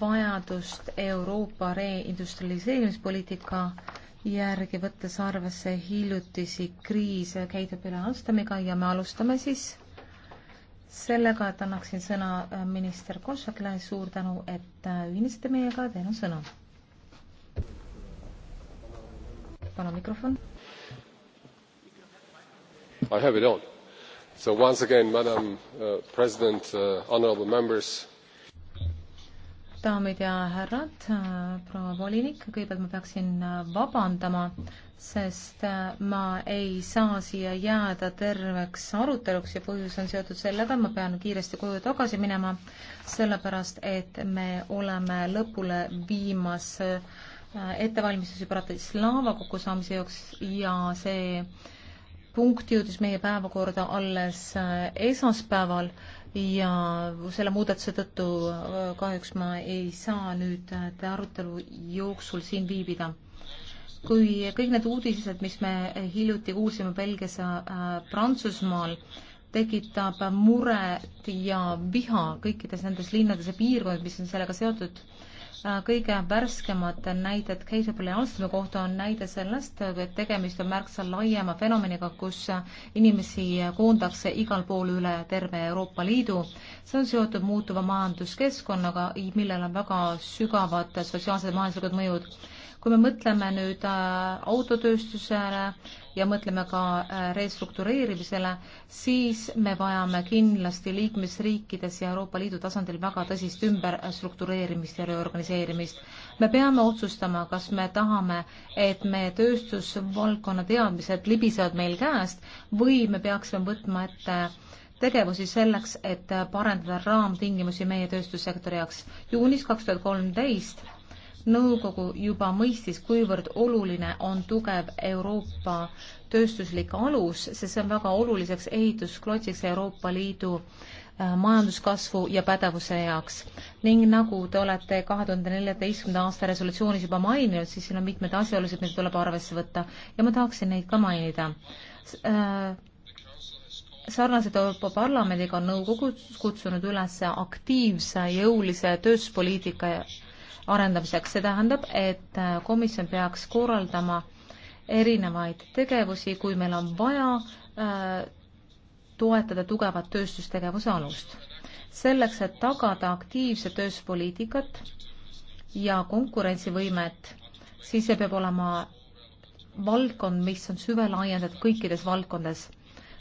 vajadust Euroopa reindustrialiseerimispoliitika järgi, võttes arvesse hiljutisi kriise, käidab üle Alstamiga ja me alustame siis sellega, et annaksin sõna äh, minister Košakile, suur tänu, et äh, ühinesite meiega, teil on sõna. palun mikrofon. I have it on. So once again, Madam uh, President uh,, honorable members daamid ja härrad, proua volinik, kõigepealt ma peaksin vabandama, sest ma ei saa siia jääda terveks aruteluks ja põhjus on seotud sellega, et ma pean kiiresti koju tagasi minema, sellepärast et me oleme lõpule viimas äh, ettevalmistusi Bratislava kokkusaamise jaoks ja see punkt jõudis meie päevakorda alles äh, esmaspäeval ja selle muudatuse tõttu äh, kahjuks ma ei saa nüüd äh, arutelu jooksul siin viibida. kui kõik need uudised, mis me hiljuti kuulsime Belgias ja äh, Prantsusmaal, tekitab muret ja viha kõikides nendes linnades ja piirkondades, mis on sellega seotud, Äh, kõige värskemad näited Keisabeli Alstumi kohta on näide sellest, et tegemist on märksa laiema fenomeniga, kus inimesi koondakse igal pool üle terve Euroopa Liidu. see on seotud muutuva majanduskeskkonnaga, millel on väga sügavad sotsiaalsed ja majanduslikud mõjud kui me mõtleme nüüd äh, autotööstusele ja mõtleme ka äh, restruktureerimisele, siis me vajame kindlasti liikmesriikides ja Euroopa Liidu tasandil väga tõsist ümberstruktureerimist ja reorganiseerimist. me peame otsustama, kas me tahame, et me tööstusvaldkonna teadmised libisevad meil käest või me peaksime võtma ette tegevusi selleks, et parendada raamtingimusi meie tööstussektori jaoks. juunis kaks tuhat kolmteist nõukogu juba mõistis, kuivõrd oluline on tugev Euroopa tööstuslik alus, sest see on väga oluliseks ehitusklotsiks Euroopa Liidu äh, majanduskasvu ja pädevuse jaoks. ning nagu te olete kahe tuhande neljateistkümnenda aasta resolutsioonis juba maininud, siis siin on mitmed asjaolusid, mida tuleb arvesse võtta ja ma tahaksin neid ka mainida äh, sarnaselt Euroopa Parlamendiga on nõukogu kutsunud üles aktiivse jõulise tööstuspoliitika arendamiseks. see tähendab, et äh, komisjon peaks korraldama erinevaid tegevusi, kui meil on vaja äh, toetada tugevat tööstustegevuse alust. selleks, et tagada aktiivset tööstuspoliitikat ja konkurentsivõimet, siis see peab olema valdkond, mis on süvelaiendatud kõikides valdkondades.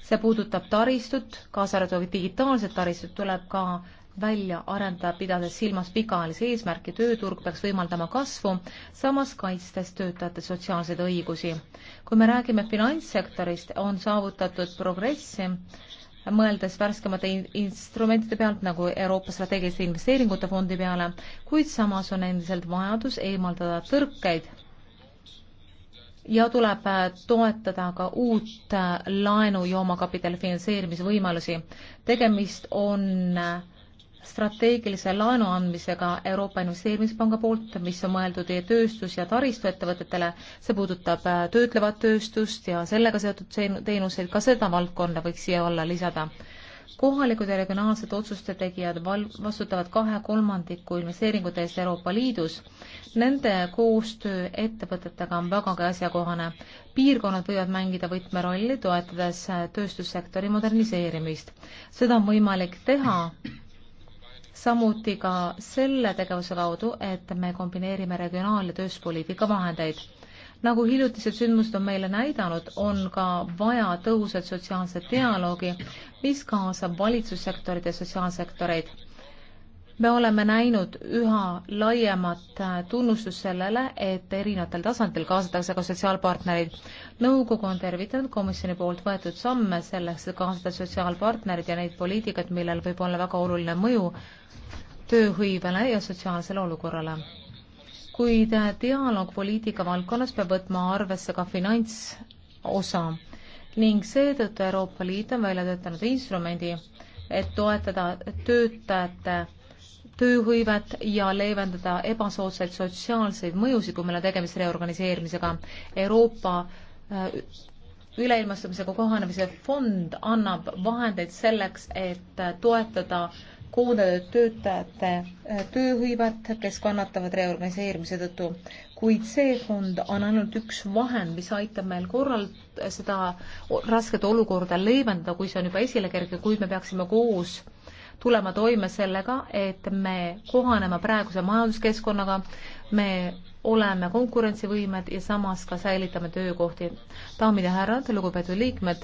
see puudutab taristut, kaasa arvatud digitaalset taristut, tuleb ka välja arendada, pidades silmas pikaajalisi eesmärke, tööturg peaks võimaldama kasvu, samas kaitstes töötajate sotsiaalseid õigusi. kui me räägime finantssektorist, on saavutatud progressi, mõeldes värskemate instrumentide pealt nagu Euroopa strateegiliste investeeringute fondi peale, kuid samas on endiselt vajadus eemaldada tõrkeid ja tuleb äh, toetada ka uut äh, laenu joomakapitali finantseerimise võimalusi. tegemist on äh, strateegilise laenu andmisega Euroopa Investeerimispanga poolt, mis on mõeldud e tööstus- ja taristuettevõtetele. see puudutab äh, töötlevat tööstust ja sellega seotud teenuseid, ka seda valdkonda võiks siia alla lisada. kohalikud ja regionaalsed otsuste tegijad val-, vastutavad kahe kolmandiku investeeringute eest Euroopa Liidus. Nende koostöö ettevõtetega on vägagi asjakohane. piirkonnad võivad mängida võtmerolli, toetades äh, tööstussektori moderniseerimist. seda on võimalik teha samuti ka selle tegevuse kaudu, et me kombineerime regionaal- ja tööstuspoliitika vahendeid. nagu hiljutised sündmused on meile näidanud, on ka vaja tõhusat sotsiaalset dialoogi, mis kaasab valitsussektorit ja sotsiaalsektoreid me oleme näinud üha laiemat äh, tunnustust sellele, et erinevatel tasandil kaasatakse ka sotsiaalpartnereid. nõukogu on tervitanud komisjoni poolt võetud samme selleks, et kaasata sotsiaalpartnerid ja neid poliitikaid, millel võib olla väga oluline mõju tööhõivele ja sotsiaalsele olukorrale. kuid äh, dialoog poliitika valdkonnas peab võtma arvesse ka finantsosa ning seetõttu Euroopa Liit on välja töötanud instrumendi, et toetada töötajate tööhõivet ja leevendada ebasoodsaid sotsiaalseid mõjusid, kui meil on tegemist reorganiseerimisega. Euroopa äh, üleilmastumisega kohanemise fond annab vahendeid selleks, et äh, toetada koondatud töötajate äh, tööhõivet, kes kannatavad reorganiseerimise tõttu. kuid see fond on ainult üks vahend, mis aitab meil korral seda rasket olukorda leevendada, kui see on juba esile kerge, kuid me peaksime koos äh, tulema toime sellega, et me kohaneme praeguse majanduskeskkonnaga, me oleme konkurentsivõimed ja samas ka säilitame töökohti. daamid ja härrad, lugupeetud liikmed,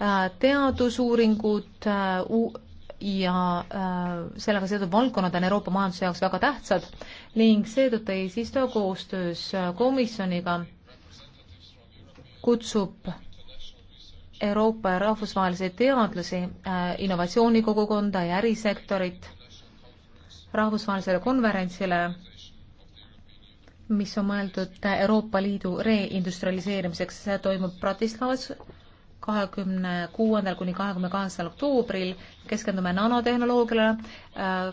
äh, teadusuuringud äh, ja äh, sellega seotud valdkonnad on Euroopa majanduse jaoks väga tähtsad ning seetõttu eesistuja koostöös komisjoniga kutsub Euroopa ja rahvusvahelisi teadlasi, äh, innovatsioonikogukonda ja ärisektorit rahvusvahelisele konverentsile, mis on mõeldud Euroopa Liidu reindustrialiseerimiseks, see toimub Bratislavas kahekümne kuuendal kuni kahekümne kaheksandal oktoobril, keskendume nanotehnoloogiale, äh,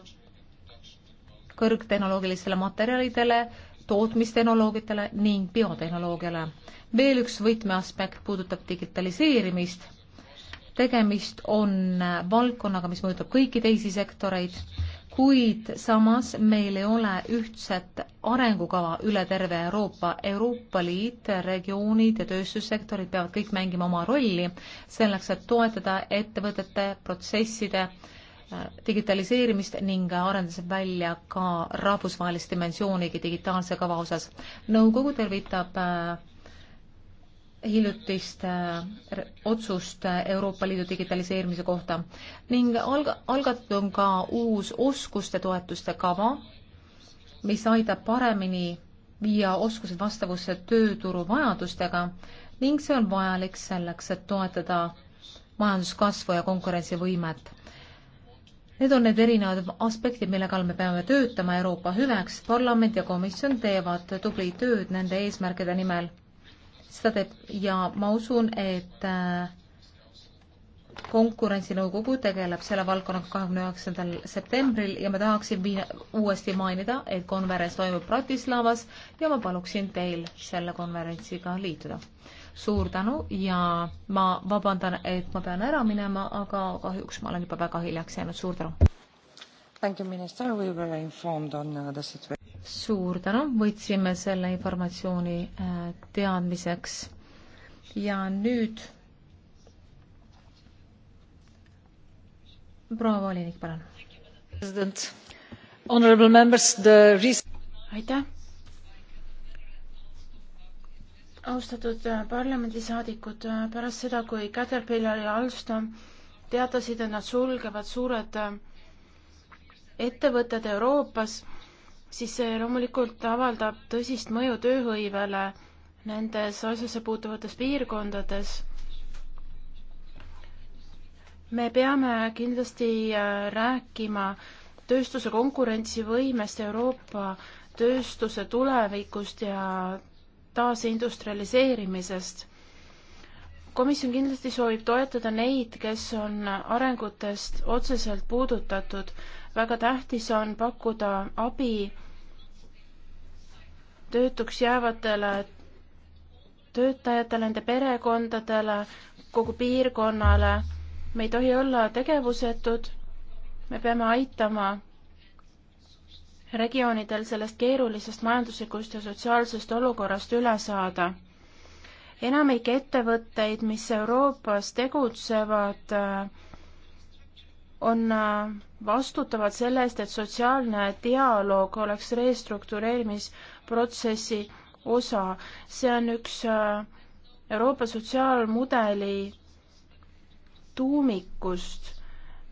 kõrgtehnoloogilistele materjalidele, tootmistehnoloogidele ning biotehnoloogiale veel üks võtmeaspekt puudutab digitaliseerimist. tegemist on valdkonnaga, mis mõjutab kõiki teisi sektoreid, kuid samas meil ei ole ühtset arengukava üle terve Euroopa. Euroopa Liit, regioonid ja tööstussektorid peavad kõik mängima oma rolli selleks, et toetada ettevõtete protsesside äh, digitaliseerimist ning arendas välja ka rahvusvahelist dimensioonigi digitaalse kava osas. nõukogu tervitab äh, hiljutist äh, otsust Euroopa Liidu digitaliseerimise kohta ning alg-, algatatud on ka uus oskuste toetuste kava, mis aidab paremini viia oskused vastavusse tööturu vajadustega ning see on vajalik selleks, et toetada majanduskasvu ja konkurentsivõimet. Need on need erinevad aspektid, mille kallal me peame töötama Euroopa hüveks. parlament ja komisjon teevad tublit tööd nende eesmärkide nimel seda teeb ja ma usun, et äh, konkurentsinõukogu tegeleb selle valdkonnaga kahekümne üheksandal septembril ja ma tahaksin viina, uuesti mainida, et konverents toimub Bratislavas ja ma paluksin teil selle konverentsiga liituda. suur tänu ja ma vabandan, et ma pean ära minema, aga kahjuks ma olen juba väga hiljaks jäänud, suur tänu! Thank you, Minister. We were informed on uh, the situation suur tänu, võtsime selle informatsiooni äh, teadmiseks ja nüüd proua volinik, palun. aitäh. austatud äh, parlamendisaadikud, äh, pärast seda, kui Caterpillar ja Alstom teatasid, et nad sulgevad suured ettevõtted Euroopas siis see loomulikult avaldab tõsist mõju tööhõivele nendes asjasse puutuvates piirkondades. me peame kindlasti äh, rääkima tööstuse konkurentsivõimest, Euroopa tööstuse tulevikust ja taasindustrialiseerimisest komisjon kindlasti soovib toetada neid, kes on arengutest otseselt puudutatud. väga tähtis on pakkuda abi töötuks jäävatele töötajatele, nende perekondadele, kogu piirkonnale. me ei tohi olla tegevusetud. me peame aitama regioonidel sellest keerulisest majanduslikust ja sotsiaalsest olukorrast üle saada enamik ettevõtteid, mis Euroopas tegutsevad, on, vastutavad selle eest, et sotsiaalne dialoog oleks restruktureerimisprotsessi osa. see on üks Euroopa sotsiaalmudeli tuumikust.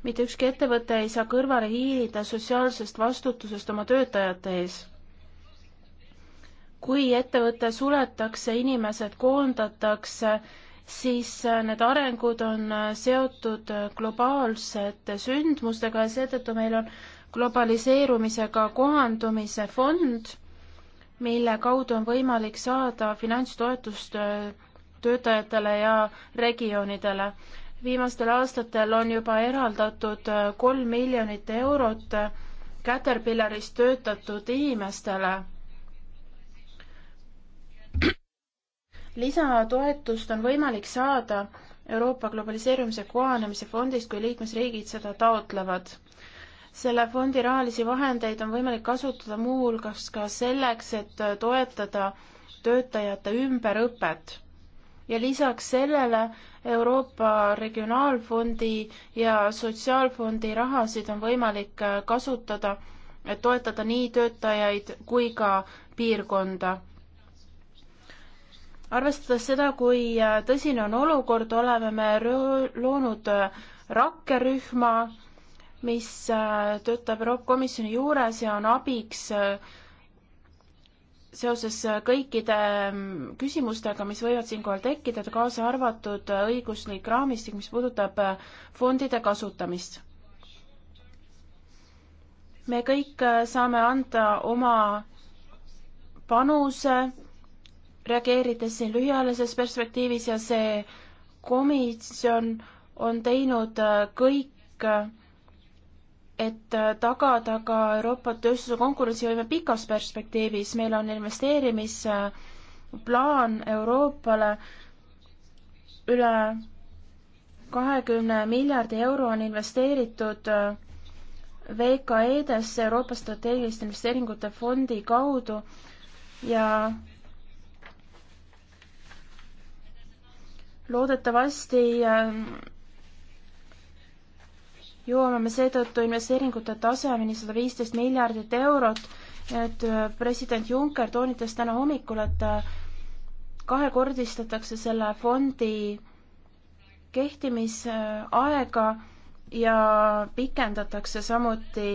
mitte ükski ettevõte ei saa kõrvale hiilida sotsiaalsest vastutusest oma töötajate ees kui ettevõte suletakse, inimesed koondatakse, siis äh, need arengud on äh, seotud äh, globaalsete sündmustega ja seetõttu meil on globaliseerumisega kohandumise fond, mille kaudu on võimalik saada finantstoetust töötajatele ja regioonidele. viimastel aastatel on juba eraldatud kolm miljonit eurot Caterpillaris töötatud inimestele lisatoetust on võimalik saada Euroopa globaliseerumise kohanemise fondist, kui liikmesriigid seda taotlevad. selle fondi rahalisi vahendeid on võimalik kasutada muuhulgas ka selleks, et toetada töötajate ümberõpet. ja lisaks sellele Euroopa Regionaalfondi ja Sotsiaalfondi rahasid on võimalik kasutada, et toetada nii töötajaid kui ka piirkonda arvestades seda, kui äh, tõsine on olukord, oleme me loonud äh, rakkerühma, mis äh, töötab Euroopa Komisjoni juures ja on abiks seoses kõikide mm, küsimustega, mis võivad siinkohal tekkida, kaasa arvatud õiguslik raamistik, mis puudutab fondide kasutamist. me kõik saame anda oma panuse reageerides siin lühiajalises perspektiivis ja see komisjon on teinud äh, kõik, äh, et äh, tagada ka Euroopa tööstuse konkurentsivõime pikas perspektiivis, meil on investeerimisplaan Euroopale üle kahekümne miljardi euro on investeeritud VKE-desse Euroopa strateegiliste investeeringute fondi kaudu ja loodetavasti ähm, jõuame me seetõttu investeeringute tasemeni sada viisteist miljardit eurot, et äh, president Juncker toonitas täna hommikul, et äh, kahekordistatakse selle fondi kehtimisaega ja pikendatakse samuti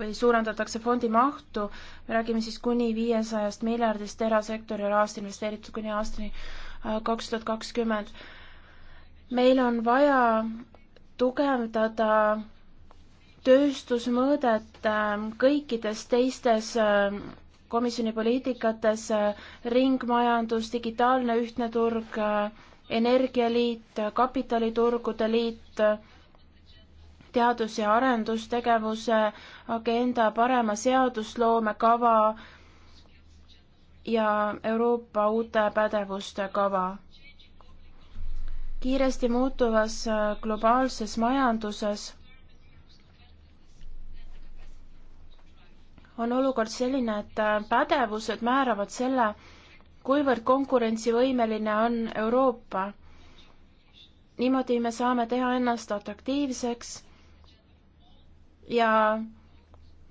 või suurendatakse fondi mahtu, me räägime siis kuni viiesajast miljardist erasektori rahast investeeritud kuni aastani kaks tuhat kakskümmend. meil on vaja tugevdada tööstusmõõdet ähm, kõikides teistes ähm, komisjoni poliitikates, äh, ringmajandus, digitaalne ühtne turg, äh, energialiit, äh, kapitaliturgude liit, teadus- ja arendustegevuse agenda, parema seadusloome kava, ja Euroopa uute pädevuste kava. kiiresti muutuvas äh, globaalses majanduses on olukord selline, et äh, pädevused määravad selle, kuivõrd konkurentsivõimeline on Euroopa. niimoodi me saame teha ennast atraktiivseks ja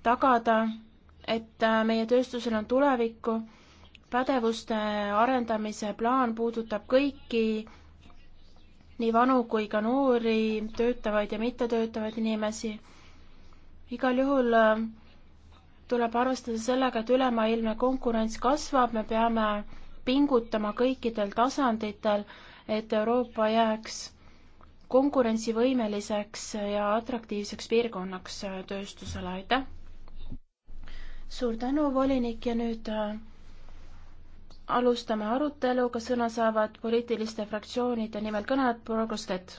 tagada, et äh, meie tööstusel on tulevikku pädevuste arendamise plaan puudutab kõiki nii vanu kui ka noori, töötavaid ja mittetöötavaid inimesi. igal juhul äh, tuleb arvestada sellega, et ülemaailmne konkurents kasvab, me peame pingutama kõikidel tasanditel, et Euroopa jääks konkurentsivõimeliseks ja atraktiivseks piirkonnaks äh, tööstusele, aitäh! suur tänu, volinik, ja nüüd äh, alustame aruteluga, sõna saavad poliitiliste fraktsioonide nimel kõnelejad, proua Krustet.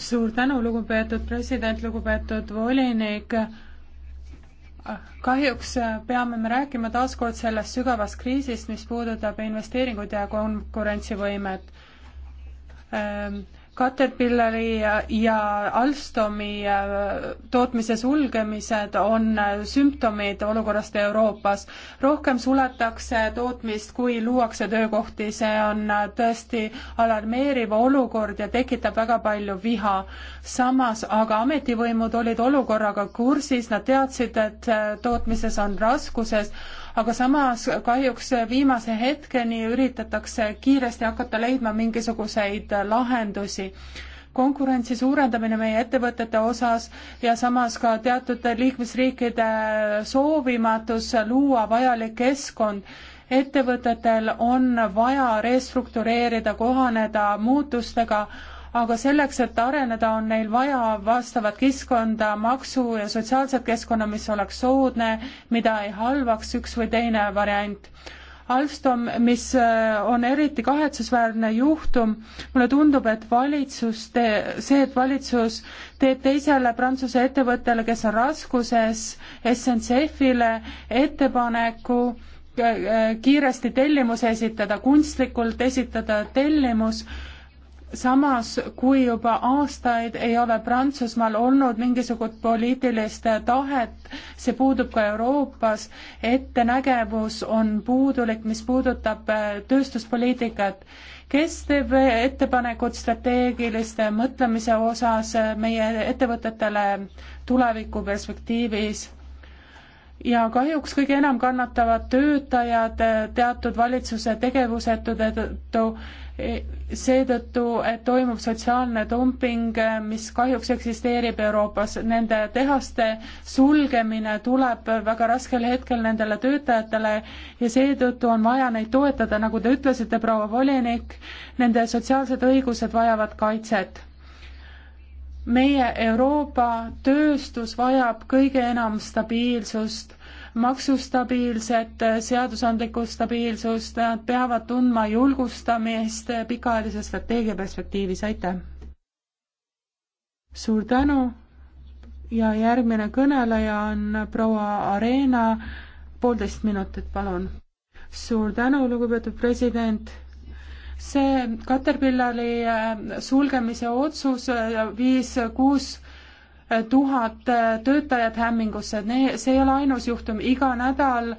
suur tänu, lugupeetud president, lugupeetud volinik. kahjuks peame me rääkima taaskord sellest sügavast kriisist, mis puudutab investeeringuid ja konkurentsivõimet ähm Caterpillari ja Alstomi äh, tootmise sulgemised on äh, sümptomid olukorrast Euroopas. rohkem suletakse tootmist, kui luuakse töökohti, see on äh, tõesti alarmeeriv olukord ja tekitab väga palju viha. samas aga ametivõimud olid olukorraga kursis, nad teadsid, et tootmises on raskuses, aga samas kahjuks viimase hetkeni üritatakse kiiresti hakata leidma mingisuguseid lahendusi konkurentsi suurendamine meie ettevõtete osas ja samas ka teatud liikmesriikide soovimatus luua vajalik keskkond. ettevõtetel on vaja restruktureerida, kohaneda muutustega, aga selleks, et areneda, on neil vaja vastavat keskkonda, maksu ja sotsiaalset keskkonna, mis oleks soodne, mida ei halvaks üks või teine variant. Alstom, mis äh, on eriti kahetsusväärne juhtum, mulle tundub, et valitsus tee-, see, et valitsus teeb teisele Prantsuse ettevõttele, kes on raskuses, SNCF-ile ettepaneku äh, äh, kiiresti tellimuse esitada, kunstlikult esitada tellimus, samas, kui juba aastaid ei ole Prantsusmaal olnud mingisugust poliitilist tahet, see puudub ka Euroopas, ettenägevus on puudulik, mis puudutab äh, tööstuspoliitikat. kes teeb ettepanekud strateegiliste mõtlemise osas äh, meie ettevõtetele tulevikuperspektiivis? ja kahjuks kõige enam kannatavad töötajad eh, teatud valitsuse tegevusetude tõttu, eh, seetõttu, et toimub sotsiaalne dumping, eh, mis kahjuks eksisteerib Euroopas. Nende tehaste sulgemine tuleb väga raskel hetkel nendele töötajatele ja seetõttu on vaja neid toetada, nagu te ütlesite, proua volinik, nende sotsiaalsed õigused vajavad kaitset meie Euroopa tööstus vajab kõige enam stabiilsust, maksustabiilset, seadusandlikku stabiilsust, nad peavad tundma julgustamist pikaajalise strateegia perspektiivis, aitäh! suur tänu ja järgmine kõneleja on proua Areena, poolteist minutit, palun! suur tänu, lugupeetud president! see Caterpillari äh, sulgemise otsus äh, viis kuus äh, tuhat töötajat hämmingusse, see ei ole ainus juhtum, iga nädal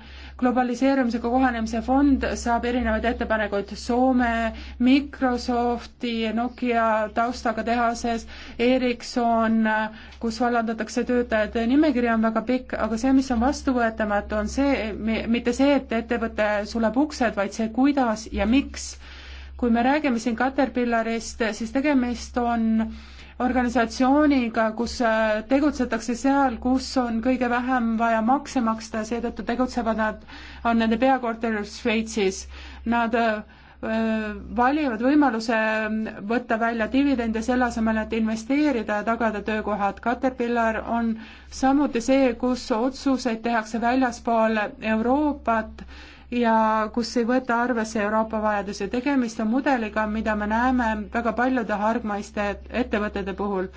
globaliseerumisega kohanemise fond saab erinevaid ettepanekuid Soome, Microsofti, Nokia taustaga tehases, Ericsson, kus vallandatakse töötajate nimekiri, on väga pikk, aga see, mis on vastuvõetamatu, on see, mitte see, et ettevõte suleb uksed, vaid see, kuidas ja miks kui me räägime siin Caterpillarist, siis tegemist on organisatsiooniga, kus äh, tegutsetakse seal, kus on kõige vähem vaja makse maksta, seetõttu tegutsevad nad, on nende peakorter Šveitsis. Nad äh, valivad võimaluse võtta välja dividende selle asemel, et investeerida ja tagada töökohad. Caterpillar on samuti see, kus otsuseid tehakse väljaspool Euroopat ja kus ei võeta arvesse Euroopa vajadusi. tegemist on mudeliga, mida me näeme väga paljude hargmaiste ettevõtete puhul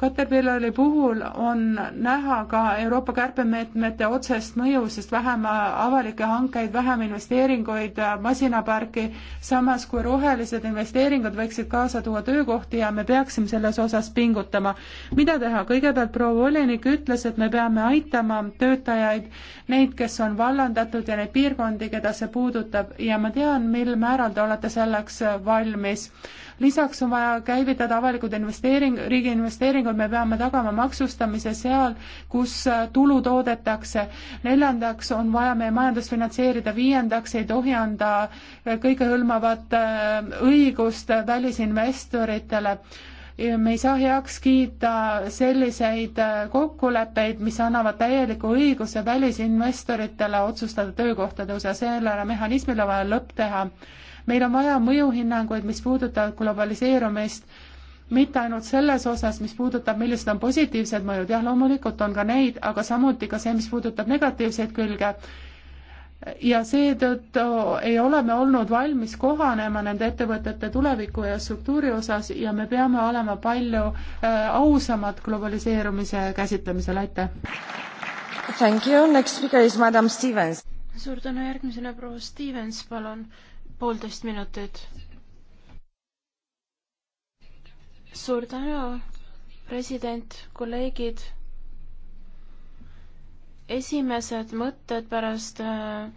Caterpillari puhul on näha ka Euroopa kärpemeetmete otsest mõju, sest vähem avalikke hankeid, vähem investeeringuid äh, masinaparki, samas kui rohelised investeeringud võiksid kaasa tuua töökohti ja me peaksime selles osas pingutama. mida teha, kõigepealt proua volinik ütles, et me peame aitama töötajaid, neid, kes on vallandatud ja neid piirkondi, keda see puudutab ja ma tean, mil määral te olete selleks valmis lisaks on vaja käivitada avalikud investeering, riigi investeeringud, me peame tagama maksustamise seal, kus äh, tulu toodetakse. neljandaks on vaja meie majandust finantseerida, viiendaks ei tohi anda äh, kõikehõlmavat äh, õigust välisinvestoritele me ei saa heaks kiita selliseid kokkuleppeid, mis annavad täieliku õiguse välisinvestoritele otsustada töökohtade osas, sellele mehhanismile vaja lõpp teha meil on vaja mõjuhinnanguid, mis puudutavad globaliseerumist, mitte ainult selles osas, mis puudutab, millised on positiivsed mõjud, jah, loomulikult on ka neid, aga samuti ka see, mis puudutab negatiivseid külge. ja seetõttu ei ole me olnud valmis kohanema nende ettevõtete tuleviku ja struktuuri osas ja me peame olema palju äh, ausamad globaliseerumise käsitlemisel, aitäh! Thank you, next speaker is madam Stevens. suur tänu, järgmisena proua Stevens, palun poolteist minutit. suur tänu, president, kolleegid. esimesed mõtted pärast äh,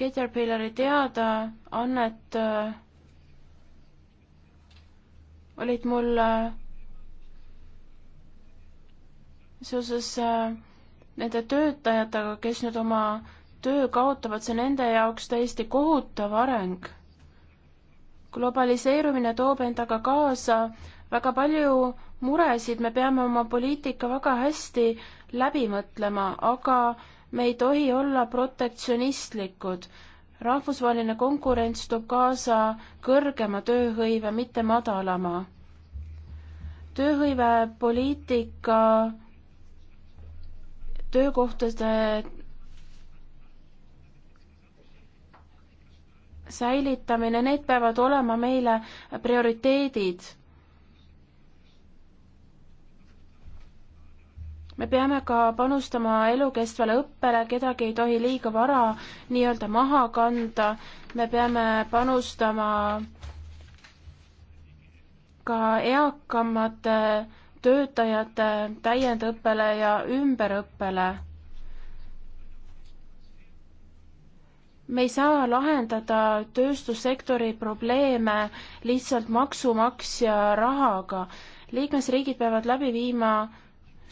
Caterpillari teadaannet äh, olid mul äh, seoses äh, nende töötajatega, kes nüüd oma äh, töö kaotavad, see nende jaoks täiesti kohutav areng. globaliseerumine toob endaga kaasa väga palju muresid, me peame oma poliitika väga hästi läbi mõtlema, aga me ei tohi olla protektsionistlikud. rahvusvaheline konkurents toob kaasa kõrgema tööhõive, mitte madalama. tööhõivepoliitika töökohtade säilitamine, need peavad olema meile prioriteedid. me peame ka panustama elukestvale õppele, kedagi ei tohi liiga vara nii-öelda maha kanda, me peame panustama ka eakamate töötajate täiendõppele ja ümberõppele me ei saa lahendada tööstussektori probleeme lihtsalt maksumaksja rahaga. liikmesriigid peavad läbi viima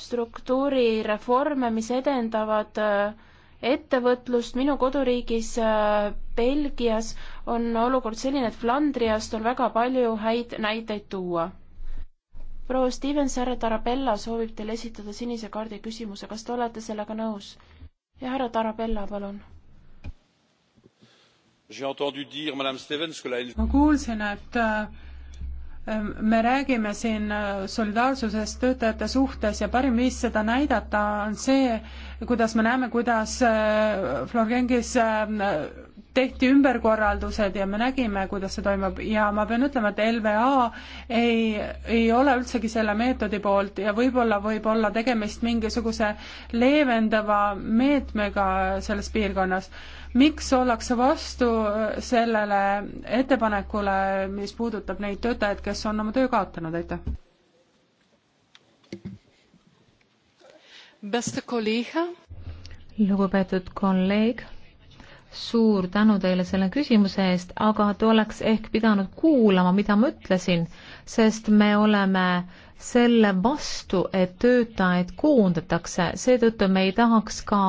struktuurireforme, mis edendavad äh, ettevõtlust, minu koduriigis äh, Belgias on olukord selline, et Flandriast on väga palju häid näiteid tuua. proua Stevens, härra Tarabella soovib teile esitada sinise kaardi küsimuse, kas te olete sellega nõus? ja härra Tarabella, palun ma kuulsin, et äh, me räägime siin äh, solidaarsusest töötajate suhtes ja parim viis seda näidata on see, kuidas me näeme, kuidas äh, Florgengis tehti ümberkorraldused ja me nägime, kuidas see toimub ja ma pean ütlema, et LVA ei, ei ole üldsegi selle meetodi poolt ja võib-olla võib olla tegemist mingisuguse leevendava meetmega selles piirkonnas. miks ollakse vastu sellele ettepanekule, mis puudutab neid töötajaid, kes on oma töö kaotanud, aitäh? beste kolleeg. lugupeetud kolleeg suur tänu teile selle küsimuse eest, aga te oleks ehk pidanud kuulama, mida ma ütlesin, sest me oleme selle vastu, et töötajaid koondatakse, seetõttu me ei tahaks ka,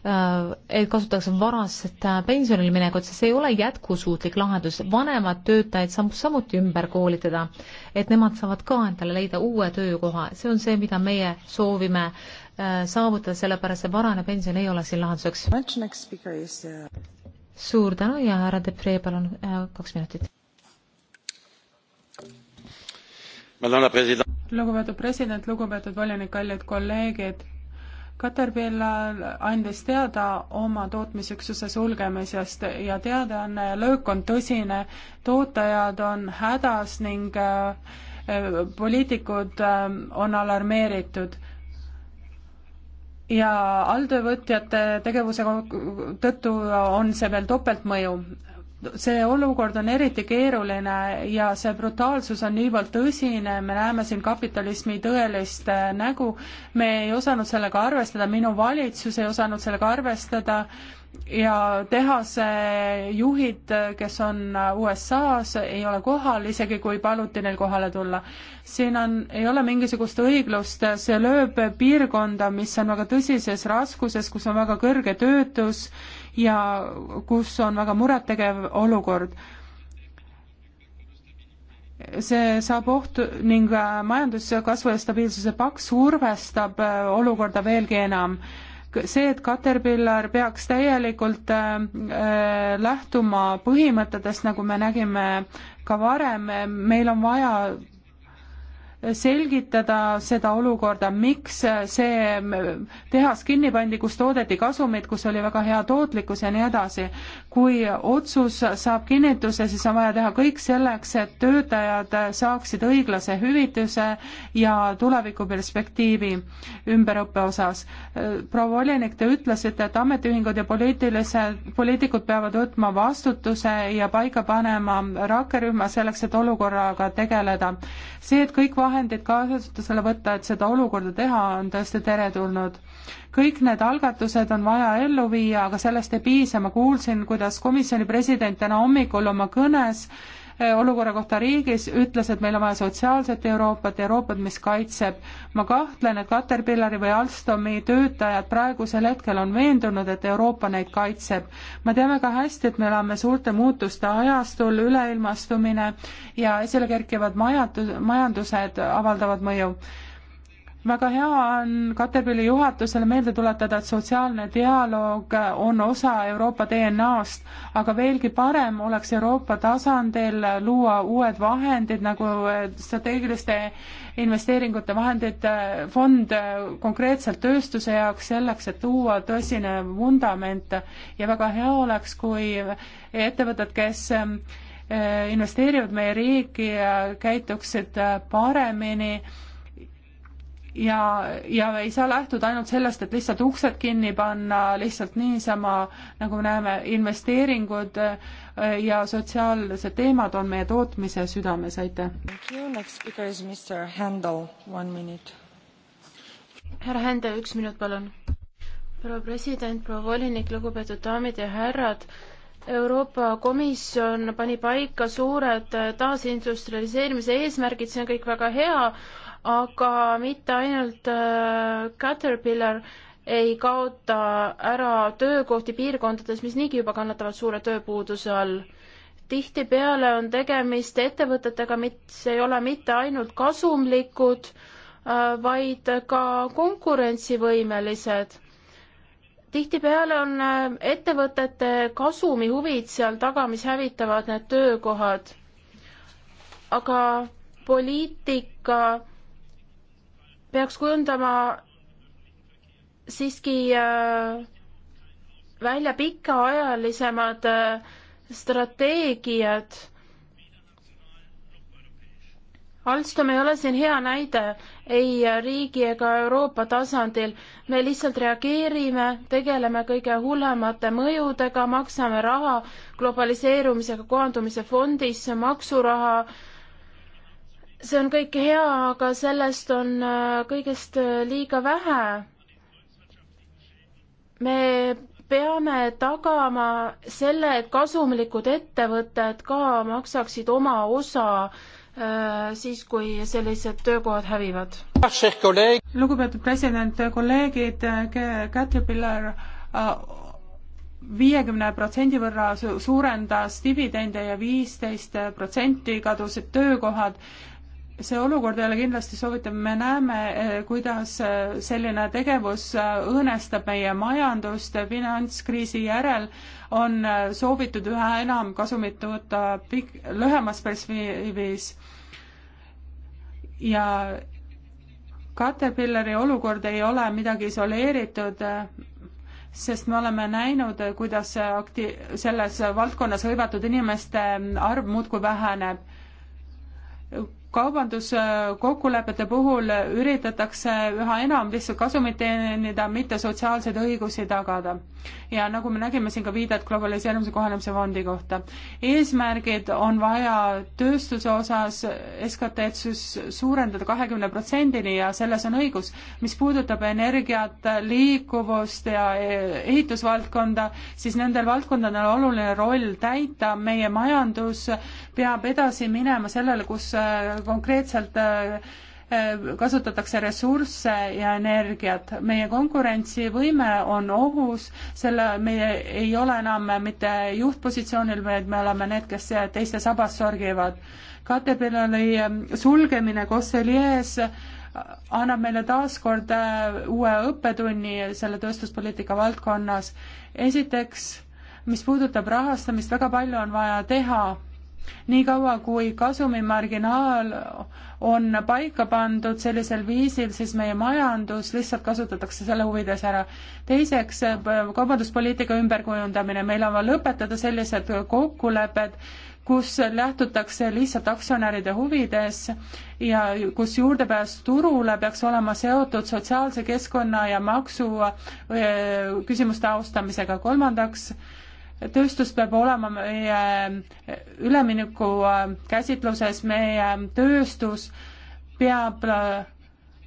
äh, et kasutatakse varast äh, pensionile minekut, sest see ei ole jätkusuutlik lahendus, vanemad töötajaid saab samuti ümber koolitada, et nemad saavad ka endale leida uue töökoha, see on see, mida meie soovime äh, Äh, saavutada, sellepärast see varane pension ei ole siin lahenduseks. Uh, suur tänu ja härra Depree, palun äh, kaks minutit. lugupeetud president, lugupeetud volinik, kallid kolleegid Caterpillar andis teada oma tootmisüksuse sulgemisest ja teadaanne löök on tõsine, tootajad on hädas ning äh, poliitikud on alarmeeritud ja alltöövõtjate tegevuse tõttu on see veel topeltmõju. see olukord on eriti keeruline ja see brutaalsus on niivõrd tõsine, me näeme siin kapitalismi tõelist nägu, me ei osanud sellega arvestada, minu valitsus ei osanud sellega arvestada ja tehase juhid, kes on USA-s, ei ole kohal, isegi kui paluti neil kohale tulla. siin on, ei ole mingisugust õiglust, see lööb piirkonda, mis on väga tõsises raskuses, kus on väga kõrge töötus ja kus on väga murettegev olukord see saab ohtu ning majanduskasvu ja stabiilsuse paks survestab olukorda veelgi enam see, et Caterpillar peaks täielikult äh, lähtuma põhimõtetest, nagu me nägime ka varem, meil on vaja selgitada seda olukorda, miks see tehas kinni pandi, kus toodeti kasumit, kus oli väga hea tootlikkus ja nii edasi. kui otsus saab kinnituse, siis on vaja teha kõik selleks, et töötajad saaksid õiglase hüvitise ja tulevikuperspektiivi ümberõppe osas. proua volinik, te ütlesite, et ametiühingud ja poliitilised, poliitikud peavad võtma vastutuse ja paika panema rakkerühma selleks, et olukorraga tegeleda. see, et kõik vahendeid kasutusele võtta, et seda olukorda teha, on tõesti teretulnud. kõik need algatused on vaja ellu viia, aga sellest ei piisa, ma kuulsin, kuidas komisjoni president täna hommikul oma kõnes äh, Äh, olukorra kohta riigis, ütles, et meil on vaja sotsiaalset Euroopat, Euroopat, mis kaitseb. ma kahtlen, et Caterpillari või Alstomi töötajad praegusel hetkel on veendunud, et Euroopa neid kaitseb. me teame ka hästi, et me elame suurte muutuste ajastul, üleilmastumine ja esile kerkivad majad, majandused avaldavad mõju väga hea on Caterpilli juhatusele meelde tuletada, et sotsiaalne dialoog on osa Euroopa DNA-st, aga veelgi parem oleks Euroopa tasandil luua uued vahendid nagu eh, strateegiliste investeeringute vahendid, eh, fond eh, konkreetselt tööstuse jaoks, selleks, et luua tõsine vundament ja väga hea oleks, kui ettevõtted, kes investeerivad meie riiki, käituksid paremini ja, ja ei saa lähtuda ainult sellest, et lihtsalt uksed kinni panna lihtsalt niisama, nagu näeme, investeeringud äh, ja sotsiaalsed teemad on meie tootmise südames, aitäh. härra Händel, üks minut, palun. proua president, proua volinik, lugupeetud daamid ja härrad Euroopa Komisjon pani paika suured taasindustrialiseerimise eesmärgid, see on kõik väga hea, aga mitte ainult äh, Caterpillar ei kaota ära töökohti piirkondades, mis niigi juba kannatavad suure tööpuuduse all. tihtipeale on tegemist ettevõtetega, mis ei ole mitte ainult kasumlikud, äh, vaid ka konkurentsivõimelised. tihtipeale on äh, ettevõtete kasumi huvid seal taga, mis hävitavad need töökohad. aga poliitika peaks kujundama siiski äh, välja pikaajalisemad äh, strateegiad. Alstom ei ole siin hea näide ei riigi ega Euroopa tasandil. me lihtsalt reageerime, tegeleme kõige hullemate mõjudega, maksame raha globaliseerumisega kohandumise fondisse, maksuraha äh, see on kõik hea, aga sellest on äh, kõigest äh, liiga vähe. me peame tagama selle, et kasumlikud ettevõtted ka maksaksid oma osa äh, siis, kui sellised töökohad hävivad. lugupeetud president, kolleegid, Caterpillar viiekümne protsendi võrra suurendas dividende ja viisteist protsenti kadusid töökohad see olukord ei ole kindlasti soovitav, me näeme, eh, kuidas eh, selline tegevus eh, õõnestab meie majandust, finantskriisi järel on soovitud üha enam kasumit võtta pikk, lühemas perspektiivis ja Caterpillari olukord ei ole midagi isoleeritud, sest me oleme näinud, kuidas akti-, selles valdkonnas hõivatud inimeste arv muudkui väheneb kaubanduskokkulepete puhul üritatakse üha enam lihtsalt kasumit teenida, mitte sotsiaalseid õigusi tagada. ja nagu me nägime siin ka viidet globaliseerumise kohanemise fondi kohta. eesmärgid on vaja tööstuse osas SKT-d suurendada kahekümne protsendini ja selles on õigus. mis puudutab energiat, liikuvust ja ehitusvaldkonda, siis nendel valdkondadel on oluline roll täita, meie majandus peab edasi minema sellele, kus konkreetselt äh, äh, kasutatakse ressursse ja energiat. meie konkurentsivõime on ohus, selle, meie ei ole enam mitte juhtpositsioonil, vaid me oleme need, kes teiste sabas sorgivad. Caterpillari äh, sulgemine Gosselies annab meile taaskord uue õppetunni selle tööstuspoliitika valdkonnas. esiteks, mis puudutab rahastamist, väga palju on vaja teha niikaua kui kasumimarginaal on paika pandud sellisel viisil, siis meie majandus lihtsalt kasutatakse selle huvides ära. teiseks, kaubanduspoliitika ümberkujundamine, meil on vaja lõpetada sellised kokkulepped, kus lähtutakse lihtsalt aktsionäride huvides ja kus juurdepääs turule peaks olema seotud sotsiaalse keskkonna ja maksu eh, küsimuste austamisega. kolmandaks, tööstus peab olema meie eh, ülemineku eh, käsitluses, meie eh, tööstus peab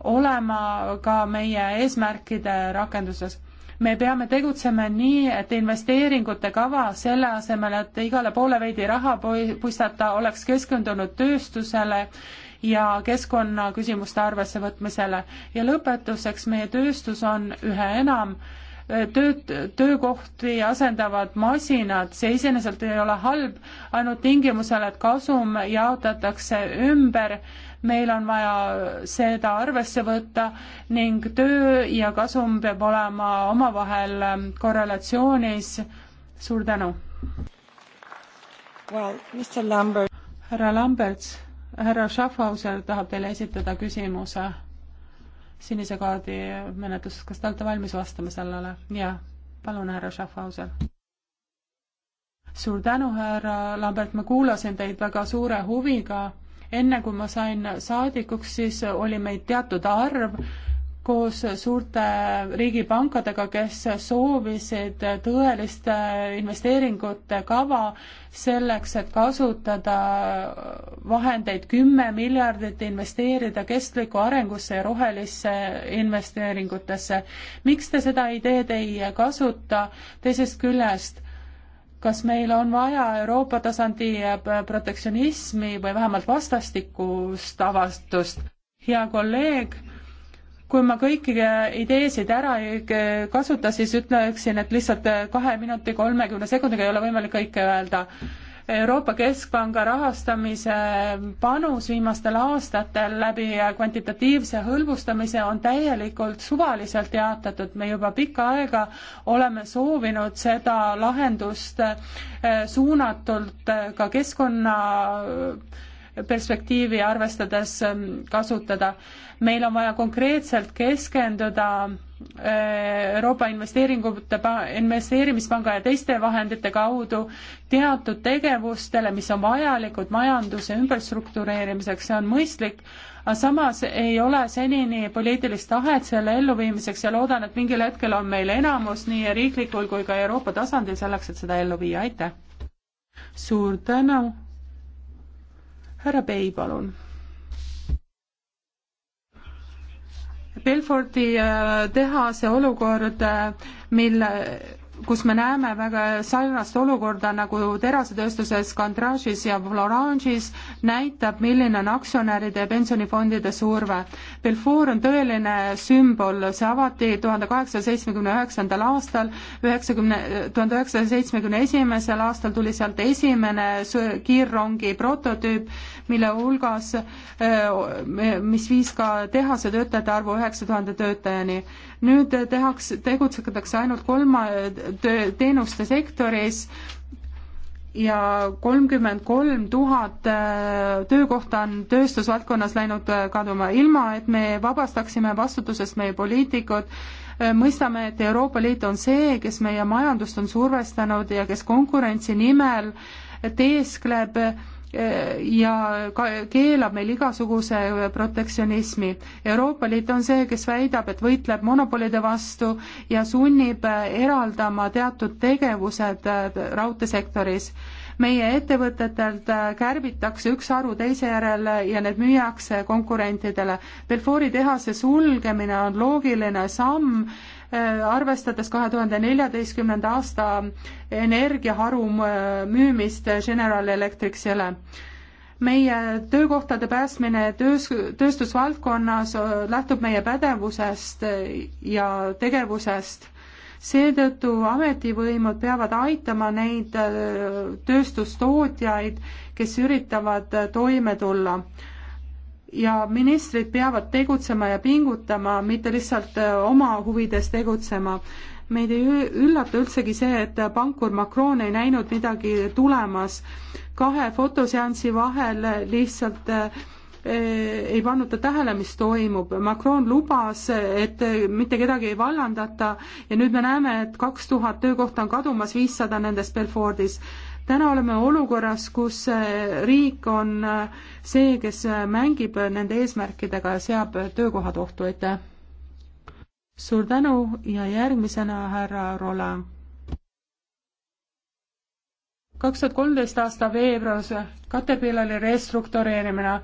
olema ka meie eesmärkide rakenduses. me peame tegutsema nii, et investeeringute kava selle asemel, et igale poole veidi raha puistata, oleks keskendunud tööstusele ja keskkonnaküsimuste arvesse võtmisele. ja lõpetuseks, meie tööstus on üha enam äh, tööd, töökohti asendavad masinad, see iseenesest ei ole halb, ainult tingimusel, et kasum jaotatakse ümber, meil on vaja seda arvesse võtta ning töö ja kasum peab olema omavahel korrelatsioonis. suur tänu! Well, Mr. Lambert. härra Lamberts, härra Schaffhauser tahab teile esitada küsimuse sinise kaardi menetluses, kas te olete valmis vastama sellele? jah, palun, härra Schaffhauser. suur tänu, härra Lambert, ma kuulasin teid väga suure huviga. enne kui ma sain saadikuks, siis oli meid teatud arv koos suurte riigipankadega, kes soovisid tõeliste investeeringute kava selleks, et kasutada vahendeid kümme miljardit, investeerida kestliku arengusse ja rohelisse investeeringutesse. miks te seda ideed ei kasuta, teisest küljest kas meil on vaja Euroopa tasandi protektsionismi või vähemalt vastastikust avastust? hea kolleeg kui ma kõiki ideesid ära ei kasuta, siis ütleksin, et lihtsalt kahe minuti kolmekümne sekundiga ei ole võimalik kõike öelda. Euroopa Keskpanga rahastamise panus viimastel aastatel läbi kvantitatiivse hõlbustamise on täielikult suvaliselt jaotatud. me juba pikka aega oleme soovinud seda lahendust suunatult ka keskkonna perspektiivi arvestades ähm, kasutada. meil on vaja konkreetselt keskenduda äh, Euroopa Investeeringute, Investeerimispanga ja teiste vahendite kaudu teatud tegevustele, mis on vajalikud majanduse ümberstruktureerimiseks, see on mõistlik, aga samas ei ole senini poliitilist tahet selle elluviimiseks ja loodan, et mingil hetkel on meil enamus nii riiklikul kui ka Euroopa tasandil selleks, et seda ellu viia, aitäh! suur tänu! härra Bey, palun. Belfordi äh, tehase olukord, äh, mille kus me näeme väga sarnast olukorda nagu terasetööstuses Gandražis ja Florange'is, näitab, milline on aktsionäride ja pensionifondide surve. Belfour on tõeline sümbol, see avati tuhande kaheksasaja seitsmekümne üheksandal aastal, üheksakümne, tuhande üheksasaja seitsmekümne esimesel aastal tuli sealt esimene kiirrongi prototüüp, mille hulgas, mis viis ka tehase töötajate arvu üheksa tuhande töötajani. nüüd tehakse, tegutsetakse ainult kolma töö, teenuste sektoris ja kolmkümmend kolm tuhat töökohta on tööstusvaldkonnas läinud kaduma, ilma et me vabastaksime vastutusest meie poliitikud, mõistame, et Euroopa Liit on see, kes meie majandust on survestanud ja kes konkurentsi nimel teeskleb äh, ja ka keelab meil igasuguse protektsionismi. Euroopa Liit on see, kes väidab, et võitleb monopolide vastu ja sunnib eraldama teatud tegevused äh, raudteesektoris. meie ettevõtetelt äh, kärbitakse üks haru teise järel ja need müüakse konkurentidele. Belfori tehase sulgemine on loogiline samm arvestades kahe tuhande neljateistkümnenda aasta energiaharu äh, müümist General Electricsile meie töökohtade päästmine töös, tööstusvaldkonnas äh, lähtub meie pädevusest äh, ja tegevusest. seetõttu ametivõimud peavad aitama neid tööstustootjaid, kes üritavad toime tulla ja ministrid peavad tegutsema ja pingutama, mitte lihtsalt äh, oma huvides tegutsema. meid ei üllata üldsegi see, et pankur Macron ei näinud midagi tulemas. kahe fotoseansi vahel lihtsalt äh, äh, ei pannud ta tähele, mis toimub. Macron lubas, et mitte kedagi ei vallandata ja nüüd me näeme, et kaks tuhat töökohta on kadumas, viissada nendest Belfordis täna oleme olukorras, kus eh, riik on eh, see, kes eh, mängib nende eesmärkidega ja seab töökohad ohtu, aitäh! suur tänu ja järgmisena härra Rola. kaks tuhat kolmteist aasta veebruaris Caterpillari restruktureerimine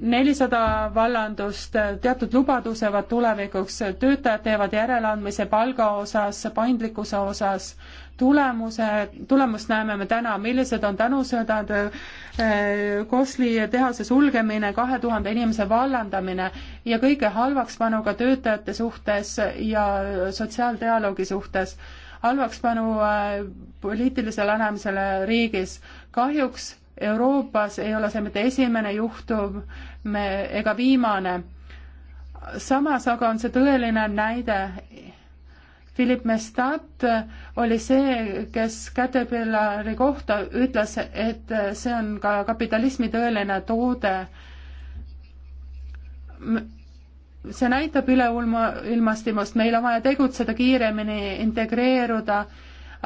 nelisada vallandust, teatud lubadusevad tulevikuks, töötajad teevad järeleandmise palga osas, paindlikkuse osas, tulemuse, tulemust näeme me täna, millised on tänusõdad, äh, Kosli tehase sulgemine, kahe tuhande inimese vallandamine ja kõige halvakspanuga töötajate suhtes ja sotsiaaldialoogi suhtes, halvakspanu äh, poliitilisele äärmusele riigis. kahjuks Euroopas ei ole see mitte esimene juhtum me, ega viimane. samas aga on see tõeline näide Philip Mestat oli see, kes Caterpillari kohta ütles, et see on ka kapitalismi tõeline toode. see näitab üleilmastimust, meil on vaja tegutseda kiiremini, integreeruda,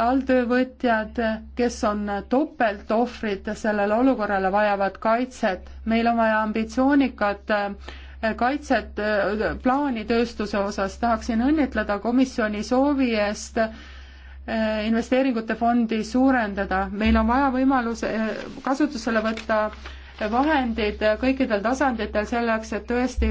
alltöövõtjad, kes on topeltohvrid sellele olukorrale, vajavad kaitset, meil on vaja ambitsioonikat äh, kaitset, äh, plaani tööstuse osas, tahaksin õnnitleda komisjoni soovi eest äh, investeeringute fondi suurendada. meil on vaja võimalus äh, kasutusele võtta vahendid kõikidel tasanditel selleks, et tõesti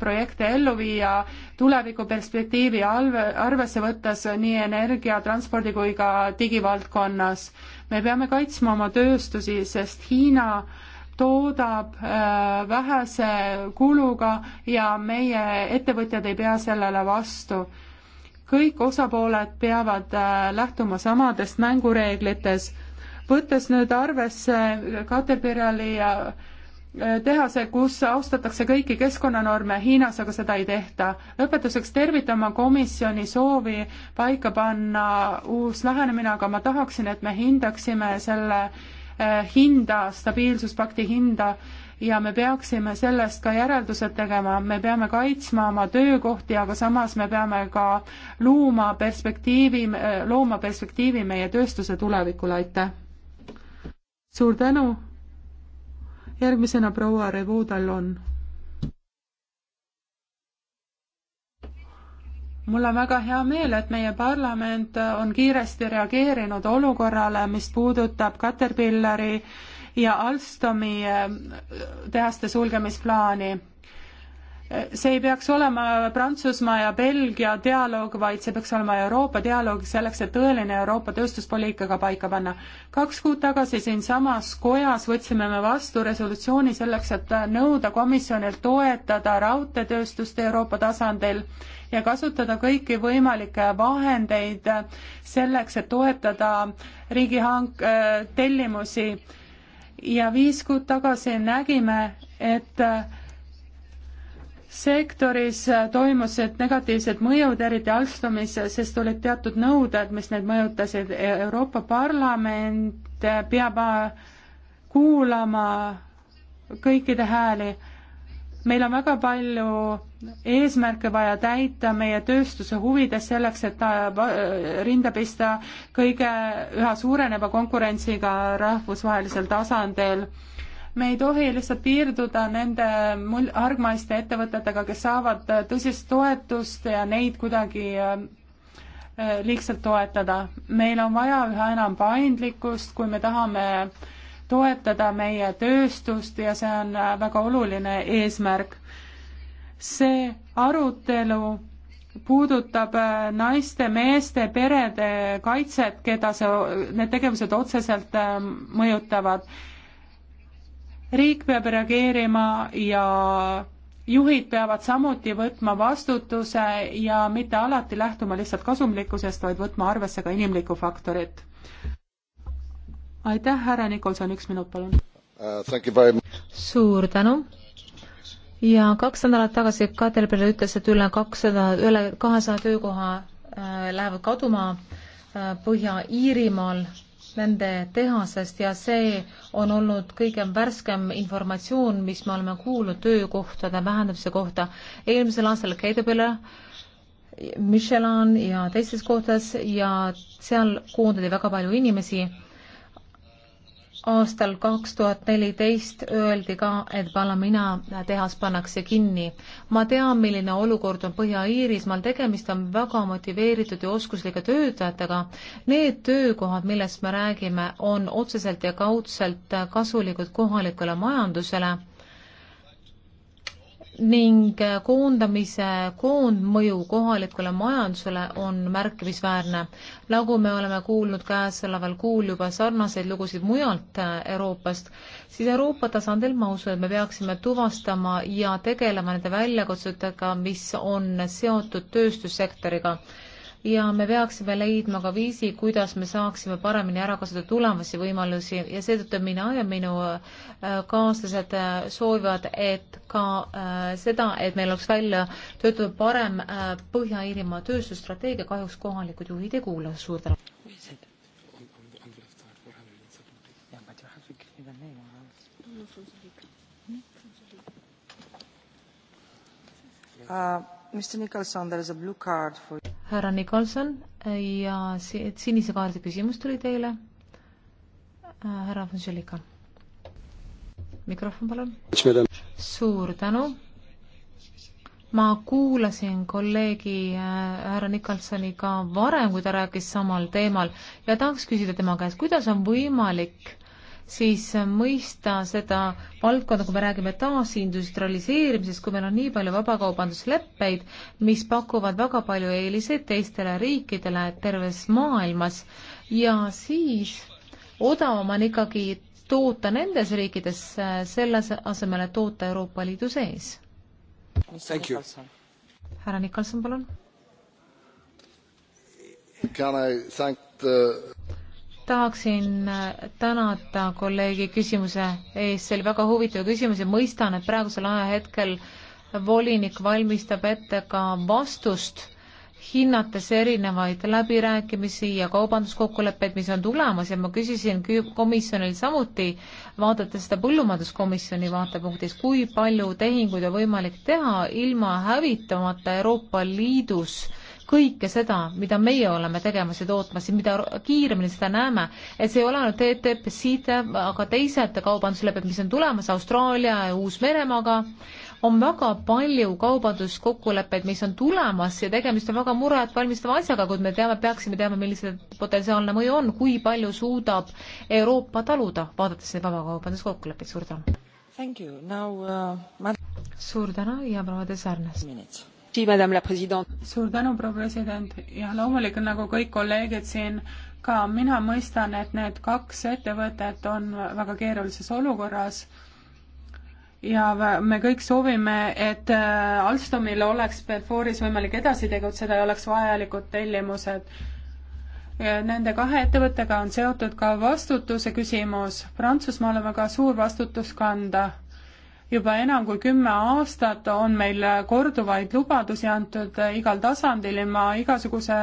projekte ellu viia, tulevikuperspektiivi arvesse võttes nii energia, transpordi kui ka digivaldkonnas. me peame kaitsma oma tööstusi, sest Hiina äh, toodab äh, vähese kuluga ja meie ettevõtjad ei pea sellele vastu. kõik osapooled peavad äh, lähtuma samadest mängureeglites. võttes nüüd arvesse Caterpillari äh, tehase, kus austatakse kõiki keskkonnanorme, Hiinas aga seda ei tehta. lõpetuseks tervitama komisjoni soovi paika panna uus lähenemine, aga ma tahaksin, et me hindaksime selle äh, Äh, hinda, stabiilsuspakti hinda ja me peaksime sellest ka järeldused tegema, me peame kaitsma oma töökohti, aga samas me peame ka luuma perspektiivi, äh, looma perspektiivi meie tööstuse tulevikule, aitäh! suur tänu! järgmisena proua Revu Tallon mul on väga hea meel, et meie parlament on kiiresti reageerinud olukorrale, mis puudutab Caterpillari ja Alstomi eh, tehaste sulgemisplaani. see ei peaks olema Prantsusmaa ja Belgia dialoog, vaid see peaks olema Euroopa dialoog selleks, et tõeline Euroopa tööstuspoliitikaga paika panna. kaks kuud tagasi siinsamas kojas võtsime me vastu resolutsiooni selleks, et nõuda komisjonilt toetada raudteetööstust Euroopa tasandil ja kasutada kõiki võimalikke vahendeid selleks, et toetada riigihank-, äh, tellimusi. ja viis kuud tagasi nägime, et äh, sektoris äh, toimusid negatiivsed mõjud, eriti Alstomis, sest olid teatud nõuded, mis neid mõjutasid. E-, Euroopa Parlament peab kuulama kõikide hääli. meil on väga palju eesmärke vaja täita meie tööstuse huvides selleks, et ta rinda pista kõige üha suureneva konkurentsiga rahvusvahelisel tasandil. me ei tohi lihtsalt piirduda nende argmaiste ettevõtetega, kes saavad tõsist toetust ja neid kuidagi äh, liigselt toetada. meil on vaja üha enam paindlikkust, kui me tahame toetada meie tööstust ja see on äh, väga oluline eesmärk see arutelu puudutab äh, naiste, meeste, perede kaitset, keda see, need tegevused otseselt äh, mõjutavad. riik peab reageerima ja juhid peavad samuti võtma vastutuse ja mitte alati lähtuma lihtsalt kasumlikkusest, vaid võtma arvesse ka inimlikku faktorit. aitäh, härra Nikolson, üks minut, palun uh,. suur tänu ja kaks nädalat tagasi Katerpilli ütles, et üle kakssada, üle kahesaja töökoha äh, lähevad kaduma äh, Põhja-Iirimaal nende tehasest ja see on olnud kõige värskem informatsioon, mis me oleme kuulnud töökohtade vähendamise kohta. eelmisel aastal Caterpillar äh, Michelin ja teistes kohtades ja seal koondati väga palju inimesi aastal kaks tuhat neliteist öeldi ka, et Palamina tehas pannakse kinni. ma tean, milline olukord on Põhja-Iirismaal, tegemist on väga motiveeritud ja oskuslike töötajatega. Need töökohad, millest me räägime, on otseselt ja kaudselt kasulikud kohalikule majandusele ning koondamise koondmõju kohalikule majandusele on märkimisväärne. nagu me oleme kuulnud käesoleval kuul juba sarnaseid lugusid mujalt Euroopast, siis Euroopa tasandil ma usun, et me peaksime tuvastama ja tegelema nende väljakutsetega, mis on seotud tööstussektoriga ja me peaksime leidma ka viisi, kuidas me saaksime paremini ära kasutada tulemusi, võimalusi ja seetõttu mina ja minu äh, kaaslased äh, soovivad, et ka äh, seda, et meil oleks välja töötatud parem Põhja-Iirimaa tööstusstrateegia, kahjuks kohalikud juhid ei kuula. suur tänu. Uh, mr nicholson there is a blue card for you härra Nikolson ja sinise kaardi küsimus tuli teile. härra Fonsilika. mikrofon, palun. suur tänu. ma kuulasin kolleegi äh, härra Nikolsoni ka varem, kui ta rääkis samal teemal ja tahaks küsida tema käest, kuidas on võimalik siis mõista seda valdkonda, kui me räägime taasindustrialiseerimisest, kui meil on nii palju vabakaubandusleppeid, mis pakuvad väga palju eeliseid teistele riikidele terves maailmas ja siis odavam on ikkagi toota nendes riikides, selle asemel, et toota Euroopa Liidu sees. härra Nikolson, palun. Can I thank the tahaksin tänada kolleegi küsimuse eest, see oli väga huvitav küsimus ja mõistan, et praegusel ajahetkel volinik valmistab ette ka vastust, hinnates erinevaid läbirääkimisi ja kaubanduskokkuleppeid, mis on tulemas ja ma küsisin komisjonil samuti, vaadates seda põllumajanduskomisjoni vaatepunktis, kui palju tehinguid on võimalik teha ilma hävitamata Euroopa Liidus kõike seda, mida meie oleme tegemas ja tootmas ja mida kiiremini seda näeme, et see ei ole ainult e TTIP, CETA, aga teised kaubanduslepped, mis on tulemas Austraalia ja Uus-Meremaaga, on väga palju kaubanduskokkuleppeid, mis on tulemas ja tegemist on väga muret valmistava asjaga, kuid me teame, peaksime teadma, milline see potentsiaalne mõju on, kui palju suudab Euroopa taluda, vaadates neid vabakaubanduskokkuleppeid, suur tänu! Uh, suur tänu ja proua Desarnes! suur tänu, proua president. jah, loomulikult nagu kõik kolleegid siin, ka mina mõistan, et need kaks ettevõtet on väga keerulises olukorras ja me kõik soovime, et äh, Alstomil oleks Belforis võimalik edasi tegutseda ja oleks vajalikud tellimused. Nende kahe ettevõttega on seotud ka vastutuse küsimus. Prantsusmaal on väga suur vastutus kanda juba enam kui kümme aastat on meil korduvaid lubadusi antud igal tasandil ilma igasuguse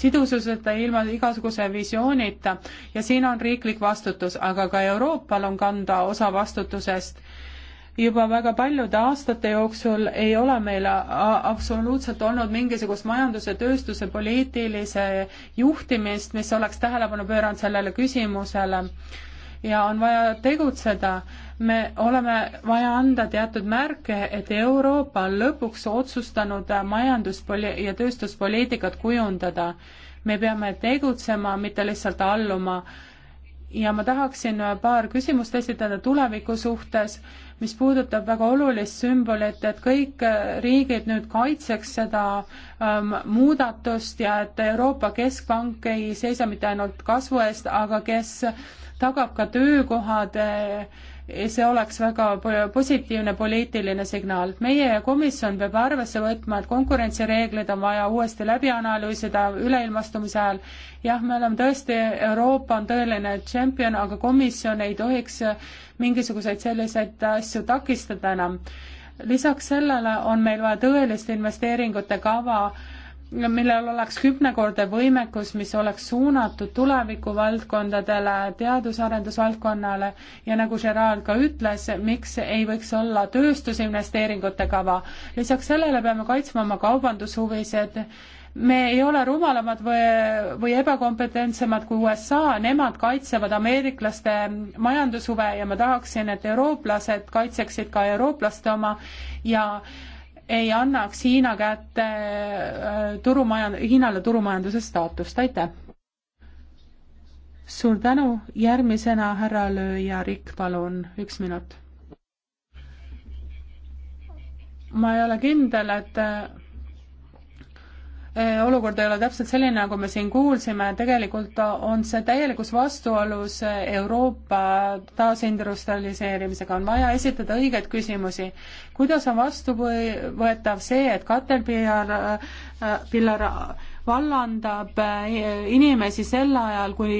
sidususeta, ilma igasuguse visioonita ja siin on riiklik vastutus, aga ka Euroopal on kanda osa vastutusest juba väga paljude aastate jooksul ei ole meil absoluutselt olnud mingisugust majanduse, tööstuse, poliitilise juhtimist, mis oleks tähelepanu pööranud sellele küsimusele ja on vaja tegutseda. me oleme vaja anda teatud märke, et Euroopa on lõpuks otsustanud majanduspoli- ja tööstuspoliitikat kujundada. me peame tegutsema, mitte lihtsalt alluma ja ma tahaksin paar küsimust esitada tuleviku suhtes, mis puudutab väga olulist sümbolit, et kõik riigid nüüd kaitseks seda ähm, muudatust ja et Euroopa Keskpank ei seisa mitte ainult kasvu eest, aga kes tagab ka töökohad, eh, see oleks väga positiivne poliitiline signaal. meie komisjon peab arvesse võtma, et konkurentsireeglid on vaja uuesti läbi analüüsida üleilmastumise ajal. jah, me oleme tõesti, Euroopa on tõeline tšempion, aga komisjon ei tohiks mingisuguseid selliseid asju takistada enam lisaks sellele on meil vaja tõelist investeeringute kava äh, millel oleks kümnekordne võimekus, mis oleks suunatud tulevikuvaldkondadele, teadus-arendusvaldkonnale ja nagu Gerard ka ütles, miks ei võiks olla tööstusinvesteeringute kava. lisaks sellele peame kaitsma oma kaubandushuvised, me ei ole rumalamad või, või ebakompetentsemad kui USA, nemad kaitsevad ameeriklaste majandushuve ja ma tahaksin, et eurooplased kaitseksid ka eurooplaste oma ja äh, ei annaks Hiina kätte äh, turumaja, Hiinale turumajanduse staatust, aitäh! suur tänu, järgmisena härra lööja Rikk, palun, üks minut. ma ei ole kindel, et äh, Äh, olukord ei ole täpselt selline, nagu me siin kuulsime, tegelikult on see täielikus vastuolus äh, Euroopa taasindustrialiseerimisega, on vaja esitada õigeid küsimusi. kuidas on vastuvõetav see, et Katerpillar, äh, Pillar vallandab inimesi sel ajal, kui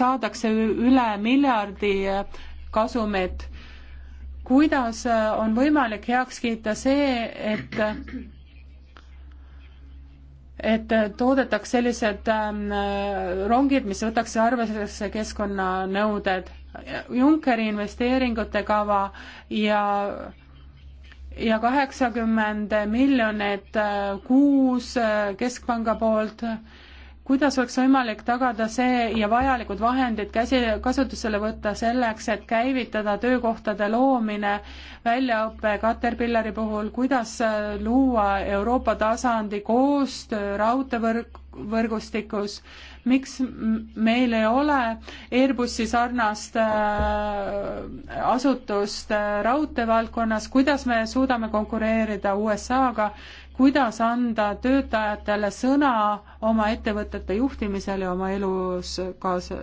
saadakse üle miljardi kasumit, kuidas on võimalik heaks kiita see, et et toodetaks sellised ähm, rongid, mis võtaks arvesse keskkonnanõuded. Junckeri investeeringute kava ja ja kaheksakümmend miljonit äh, kuus äh, Keskpanga poolt kuidas oleks võimalik tagada see ja vajalikud vahendid käsi, kasutusele võtta selleks, et käivitada töökohtade loomine, väljaõpe Caterpillari puhul, kuidas äh, luua Euroopa tasandi koostöö raudteevõrk, võrgustikus, miks meil ei ole Airbusi sarnast äh, asutust äh, raudteevaldkonnas, kuidas me suudame konkureerida USA-ga, kuidas anda töötajatele sõna oma ettevõtete juhtimisel ja oma elus kaasa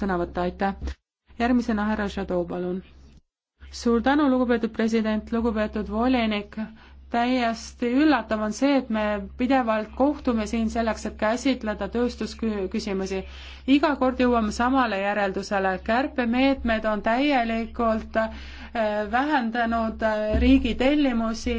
sõna võtta, aitäh. järgmisena härra Šadov, palun. suur tänu, lugupeetud president, lugupeetud volinik, täiesti üllatav on see, et me pidevalt kohtume siin selleks, et käsitleda tööstusküsimusi iga kord jõuame samale järeldusele, kärpemeetmed on täielikult äh, vähendanud äh, riigi tellimusi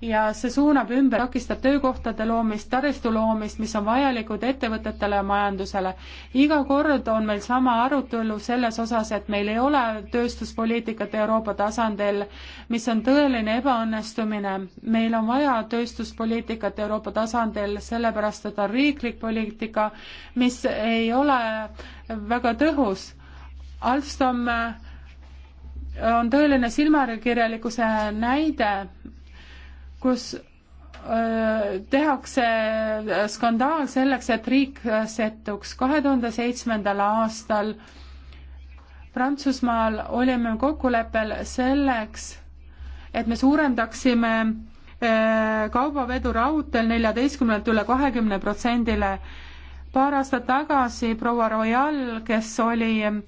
ja see suunab ümber, takistab töökohtade loomist, taristu loomist, mis on vajalikud ettevõtetele ja majandusele. iga kord on meil sama arutelu selles osas, et meil ei ole tööstuspoliitikat Euroopa tasandil, mis on tõeline ebaõnnestumine. meil on vaja tööstuspoliitikat Euroopa tasandil, sellepärast et on riiklik poliitika, mis ei ole väga tõhus. Alstom äh, on tõeline silmakirjalikkuse näide, kus äh, tehakse skandaal selleks, et riik settuks. kahe tuhande seitsmendal aastal Prantsusmaal olime kokkuleppel selleks, et me suurendaksime äh, kaubavedu raudteel neljateistkümnelt üle kahekümne protsendile paar aastat tagasi proua Royal, kes oli äh,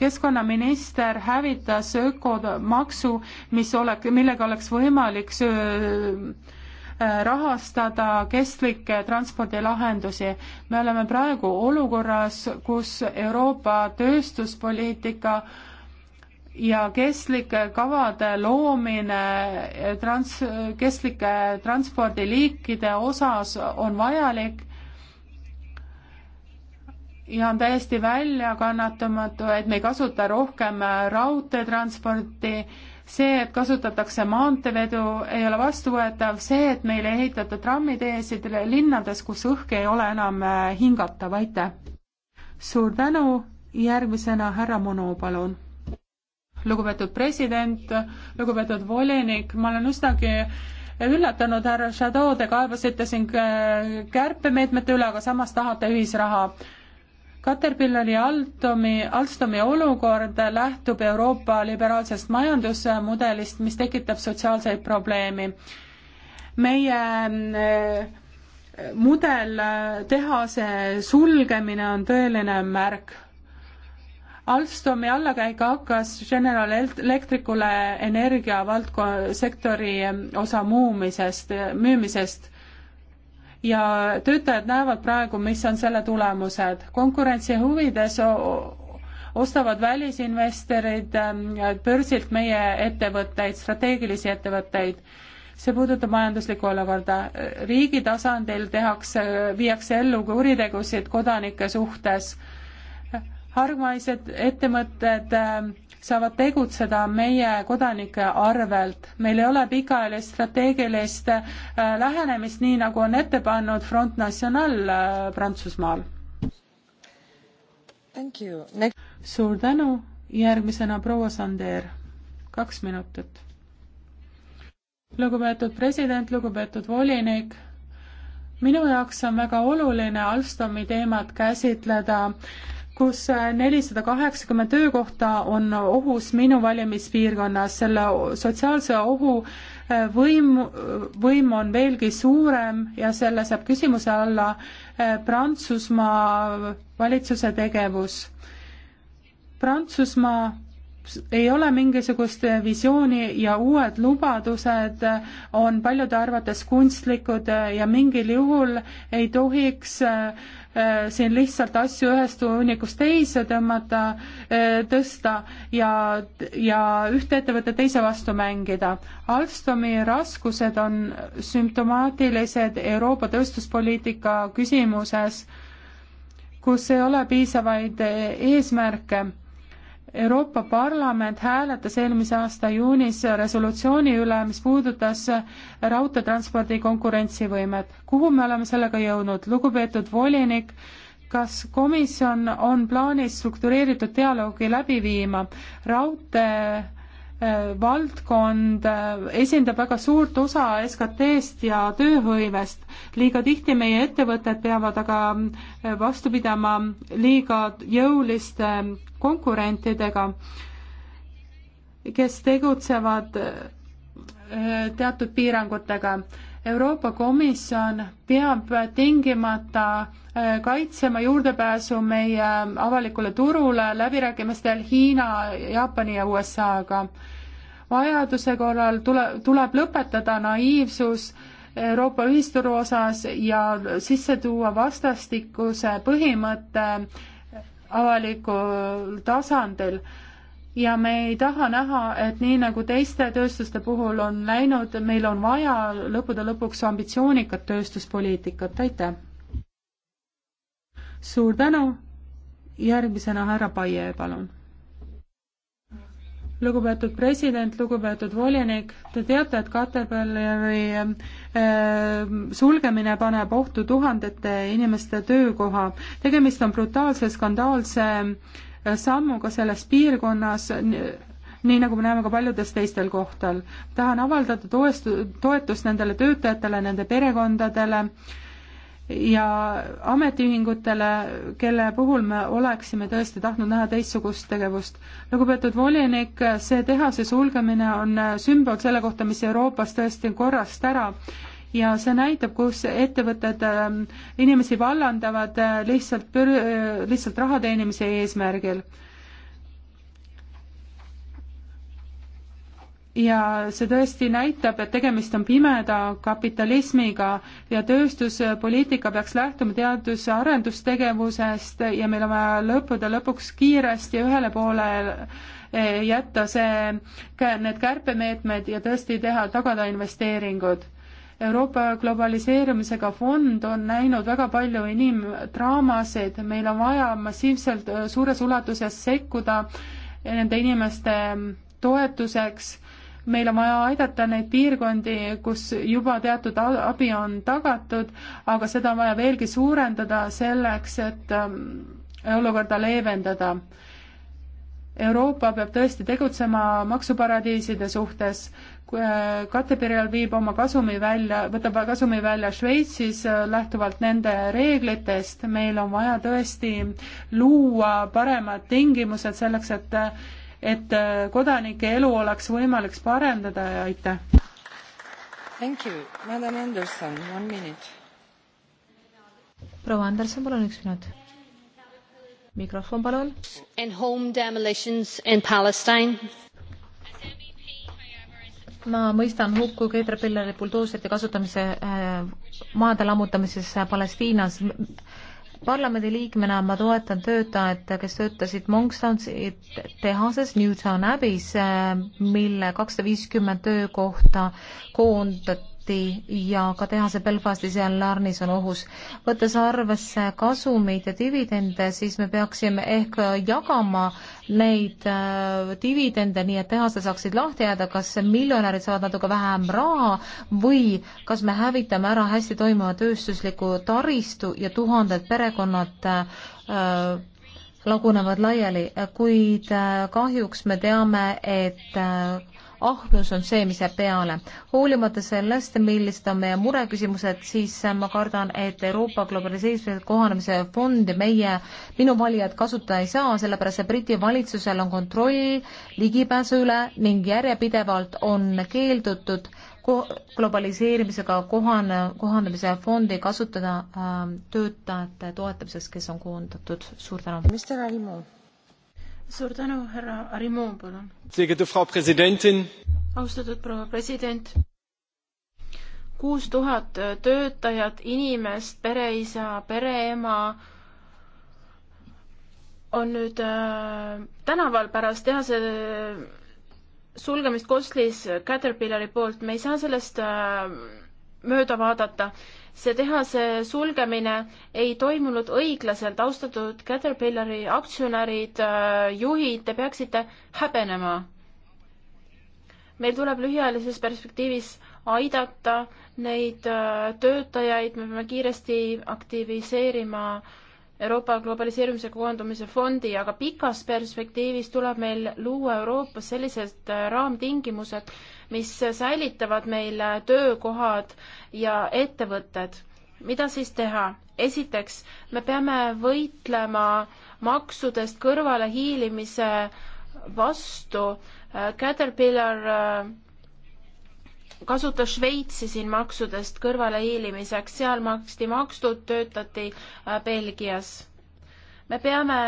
keskkonnaminister, hävitas ökomaksu, mis oleks, millega oleks võimalik äh, rahastada kestlikke transpordilahendusi. me oleme praegu olukorras, kus Euroopa tööstuspoliitika ja kestlike kavade loomine trans-, kestlike transpordiliikide osas on vajalik ja on täiesti väljakannatamatu, et me ei kasuta rohkem raudteetransporti, see, et kasutatakse maanteevedu, ei ole vastuvõetav, see, et meil ei ehitata trammiteesid linnades, kus õhk ei ole enam äh, hingatav, aitäh! suur tänu, järgmisena härra Mono, palun! lugupeetud president, lugupeetud volinik, ma olen üsnagi üllatunud, härra Chateau, te kaebasite siin äh, kärpemeetmete üle, aga samas tahate ühisraha Caterpillari Altomi, Alstomi olukord lähtub Euroopa liberaalsest majandusmudelist, mis tekitab sotsiaalseid probleeme. meie mm, mudel, tehase sulgemine on tõeline märk. Alstomi allakäik hakkas General Electricule energia valdkonna, sektori osa muumisest, müümisest ja töötajad näevad praegu, mis on selle tulemused. konkurentsi huvides ostavad välisinvestorid ähm, börsilt meie ettevõtteid, strateegilisi ettevõtteid. see puudutab majanduslikku olukorda. riigi tasandil tehakse, viiakse ellu kuritegusid kodanike suhtes hargmaised ettevõtted ähm, saavad tegutseda meie kodanike arvelt. meil ei ole pikaajalist strateegilist äh, lähenemist, nii nagu on ette pannud Front National äh, Prantsusmaal. suur tänu, järgmisena proua Sander, kaks minutit. lugupeetud president, lugupeetud volinik minu jaoks on väga oluline Alstomi teemat käsitleda kus nelisada kaheksakümmend töökohta on ohus minu valimispiirkonnas, selle sotsiaalse ohu äh, võim, võim on veelgi suurem ja selle saab küsimuse alla äh, Prantsusmaa valitsuse tegevus. Prantsusmaa ei ole mingisugust visiooni ja uued lubadused on paljude arvates kunstlikud ja mingil juhul ei tohiks äh, siin lihtsalt asju ühest hunnikust teise tõmmata, äh, tõsta ja, ja ühte ettevõtet teise vastu mängida. Alstomi raskused on sümptomaatilised Euroopa tööstuspoliitika küsimuses, kus ei ole piisavaid äh, eesmärke Euroopa Parlament hääletas eelmise aasta juunis resolutsiooni üle, mis puudutas raudteetranspordi konkurentsivõimet. kuhu me oleme sellega jõudnud? lugupeetud volinik, kas komisjon on plaanis struktureeritud dialoogi läbi viima raudtee Äh, valdkond äh, esindab väga suurt osa SKT-st ja tööhõivest. liiga tihti meie ettevõtted peavad aga äh, vastu pidama liiga jõuliste konkurentidega, kes tegutsevad teatud piirangutega Euroopa Komisjon peab tingimata äh, kaitsema juurdepääsu meie äh, avalikule turule läbirääkimistel Hiina, Jaapani ja USA-ga. vajaduse korral tule, tuleb lõpetada naiivsus Euroopa ühisturu osas ja sisse tuua vastastikuse põhimõte avalikul tasandil ja me ei taha näha, et nii nagu teiste tööstuste puhul on läinud, meil on vaja lõppude lõpuks ambitsioonikat tööstuspoliitikat, aitäh! suur tänu, järgmisena härra Paie, palun! lugupeetud president, lugupeetud volinik, te teate, et Caterpillari äh, sulgemine paneb ohtu tuhandete inimeste töökoha. tegemist on brutaalse, skandaalse äh, sammu ka selles piirkonnas, nii nagu me näeme ka paljudes teistel kohtal. tahan avaldada toest-, toetust nendele töötajatele, nende perekondadele ja ametiühingutele, kelle puhul me oleksime tõesti tahtnud näha teistsugust tegevust. lugupeetud volinik, see tehase sulgemine on sümbol selle kohta, mis Euroopas tõesti on korrast ära ja see näitab, kus ettevõtted ähm, inimesi vallandavad äh, lihtsalt pür-, äh, lihtsalt raha teenimise eesmärgil. ja see tõesti näitab, et tegemist on pimeda kapitalismiga ja tööstuspoliitika peaks lähtuma teadus- ja arendustegevusest ja meil on vaja lõppude lõpuks kiiresti ühele poole äh, jätta see, need kärpemeetmed ja tõesti teha, tagada investeeringud Euroopa globaliseerumisega fond on näinud väga palju inimdraamasid, meil on vaja massiivselt äh, suures ulatuses sekkuda äh, nende inimeste ähm, toetuseks, meil on vaja aidata neid piirkondi, kus juba teatud abi on tagatud, aga seda on vaja veelgi suurendada selleks, et ähm, olukorda leevendada Euroopa peab tõesti tegutsema maksuparadiiside suhtes. Äh, kattepirjal viib oma kasumi välja, võtab kasumi välja Šveitsis äh, lähtuvalt nende reeglitest, meil on vaja tõesti luua paremad tingimused selleks, et et äh, kodanike elu oleks võimalik parendada ja aitäh! proua Anderson, palun üks minut. mikrofon palun. And home demolitions in Palestine ma mõistan hukku keedrapillari buldoosete kasutamise äh, maade lammutamises äh, Palestiinas. parlamendi liikmena ma toetan töötajad, kes töötasid Monkstownsi tehases Newtown Abbeys, äh, mille kakssada viiskümmend töökohta koondati Läti ja ka tehase Belfastis ja Larnis on ohus. võttes arvesse kasumeid ja dividende, siis me peaksime ehk jagama neid äh, dividende nii, et tehased saaksid lahti jääda, kas miljonärid saavad natuke vähem raha või kas me hävitame ära hästi toimiva tööstusliku taristu ja tuhanded perekonnad äh, lagunevad laiali, kuid äh, kahjuks me teame, et äh, ahnus on see, mis jääb peale. hoolimata sellest, millised on meie mureküsimused, siis ma kardan, et Euroopa globaliseerimise kohanemise fondi meie, minu valijad kasutada ei saa, sellepärast et Briti valitsusel on kontroll ligipääsu üle ning järjepidevalt on keeldutud ko-, globaliseerimisega kohane, kohanemise fondi kasutada äh, töötajate toetamiseks, kes on koondatud. suur tänu. mis teil oli muud? suur tänu, härra Arimo, palun. austatud proua president. kuus tuhat töötajat, inimest, pereisa, pereema on nüüd äh, tänaval pärast tehase äh, sulgemist Koslis Caterpillari poolt, me ei saa sellest äh, mööda vaadata see tehase sulgemine ei toimunud õiglaselt, austatud Caterpillari aktsionärid, äh, juhid, te peaksite häbenema. meil tuleb lühiajalises perspektiivis aidata neid äh, töötajaid, me peame kiiresti aktiviseerima Euroopa globaliseerumise koondumise fondi, aga pikas perspektiivis tuleb meil luua Euroopas sellised äh, raamtingimused, mis säilitavad meil töökohad ja ettevõtted. mida siis teha? esiteks, me peame võitlema maksudest kõrvalehiilimise vastu. Caterpillar äh, kasutas Šveitsi siin maksudest kõrvalehiilimiseks, seal maksti makstud, töötati äh, Belgias. me peame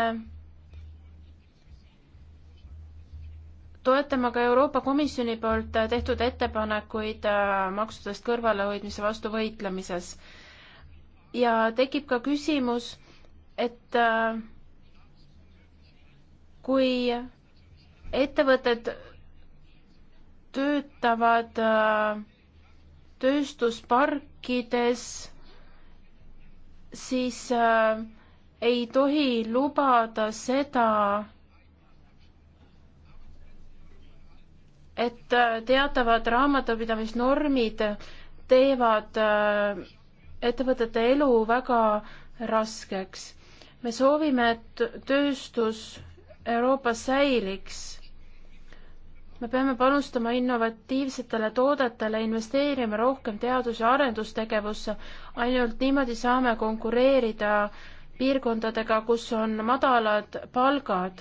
toetama ka Euroopa Komisjoni poolt äh, tehtud ettepanekuid äh, maksudest kõrvalehoidmise vastu võitlemises. ja tekib ka küsimus, et äh, kui ettevõtted töötavad tööstusparkides, siis ei tohi lubada seda, et äh, teatavad raamatupidamisnormid teevad äh, ettevõtete elu väga raskeks. me soovime, et tööstus Euroopas säiliks. me peame panustama innovatiivsetele toodetele, investeerima rohkem teadus- ja arendustegevusse, ainult niimoodi saame konkureerida piirkondadega, kus on madalad palgad.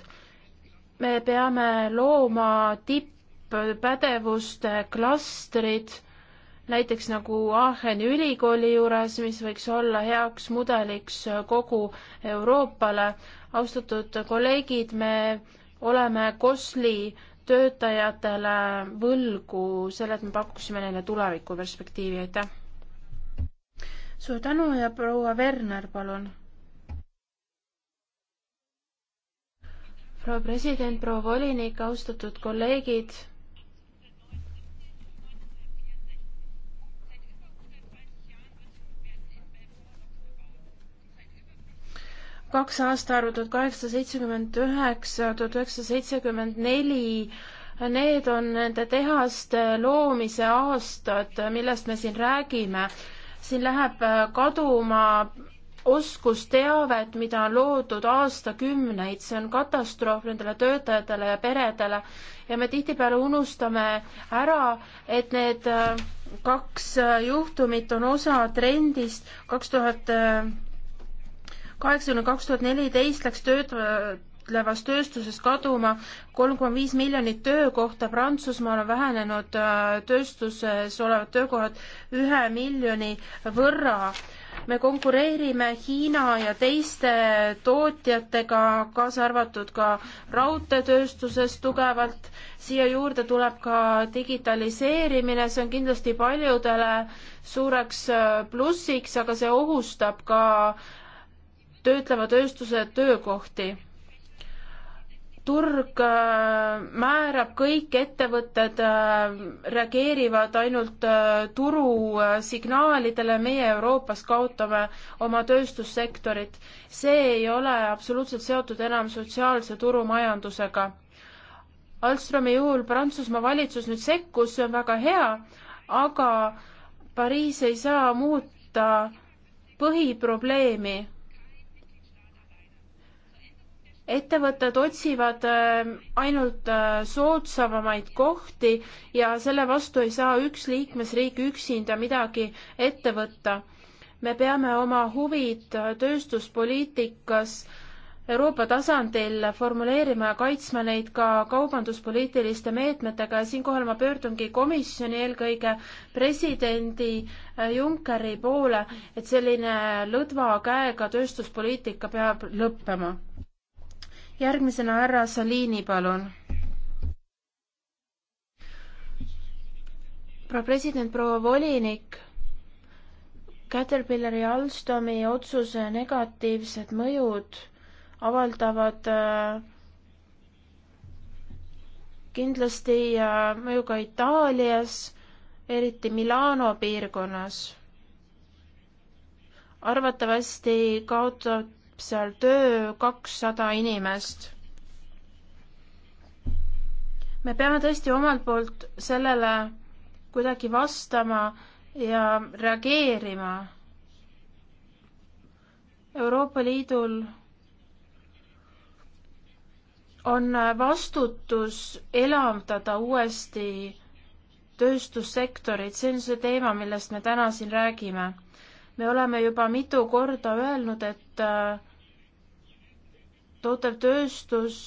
me peame looma tipp pädevuste klastrid, näiteks nagu Aacheni ülikooli juures, mis võiks olla heaks mudeliks kogu Euroopale. austatud kolleegid, me oleme COSLi töötajatele võlgu selle, et me pakuksime neile tulevikuperspektiivi, aitäh! suur tänu ja proua Werner, palun! proua president, proua volinik, austatud kolleegid kaks aastaarvu, tuhat kaheksasada seitsekümmend üheksa, tuhat üheksasada seitsekümmend neli, need on nende tehaste loomise aastad, millest me siin räägime. siin läheb kaduma oskusteavet, mida on loodud aastakümneid, see on katastroof nendele töötajatele ja peredele ja me tihtipeale unustame ära, et need kaks juhtumit on osa trendist kaks tuhat kaheksakümne kaks tuhat neliteist läks töötlevas tööstuses kaduma kolm koma viis miljonit töökohta, Prantsusmaal on vähenenud äh, tööstuses olevad töökohad ühe miljoni võrra. me konkureerime Hiina ja teiste tootjatega, kaasa arvatud ka raudteetööstuses tugevalt. siia juurde tuleb ka digitaliseerimine, see on kindlasti paljudele suureks äh, plussiks, aga see ohustab ka äh, töötleva tööstuse töökohti. turg äh, määrab, kõik ettevõtted äh, reageerivad ainult äh, turusignaalidele, meie Euroopas kaotame oma tööstussektorit. see ei ole absoluutselt seotud enam sotsiaalse turumajandusega. Alstromi juhul Prantsusmaa valitsus nüüd sekkus, see on väga hea, aga Pariis ei saa muuta põhiprobleemi ettevõtted otsivad äh, ainult äh, soodsamamaid kohti ja selle vastu ei saa üks liikmesriik üksinda midagi ette võtta. me peame oma huvid äh, tööstuspoliitikas Euroopa tasandil formuleerima ja kaitsma neid ka kaubanduspoliitiliste meetmetega ja siinkohal ma pöördungi komisjoni eelkõige presidendi Junckeri poole, et selline lõdva käega tööstuspoliitika peab lõppema järgmisena härra Salini, palun. proua president, proua volinik, Caterpillari ja Alstomi otsuse negatiivsed mõjud avaldavad äh, kindlasti äh, mõju ka Itaalias, eriti Milano piirkonnas. arvatavasti kaotab seal töö kakssada inimest. me peame tõesti omalt poolt sellele kuidagi vastama ja reageerima. Euroopa Liidul on vastutus elavdada uuesti tööstussektorit, see on see teema, millest me täna siin räägime. me oleme juba mitu korda öelnud, et äh, tootev tööstus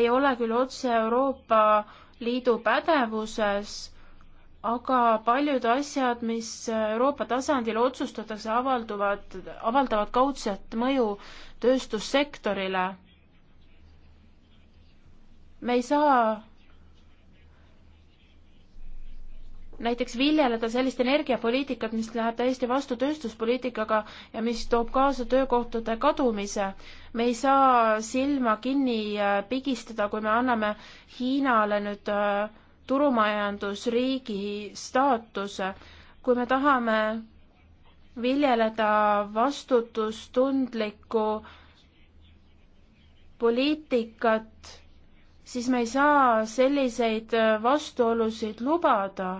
ei ole küll otse Euroopa Liidu pädevuses, aga paljud asjad, mis Euroopa tasandil otsustatakse, avalduvad, avaldavad kaudset mõju tööstussektorile. me ei saa näiteks viljeleda sellist energiapoliitikat, mis läheb täiesti vastu tööstuspoliitikaga ja mis toob kaasa töökohtade kadumise. me ei saa silma kinni äh, pigistada, kui me anname Hiinale nüüd äh, turumajandusriigi staatuse. kui me tahame viljeleda vastutustundlikku poliitikat, siis me ei saa selliseid äh, vastuolusid lubada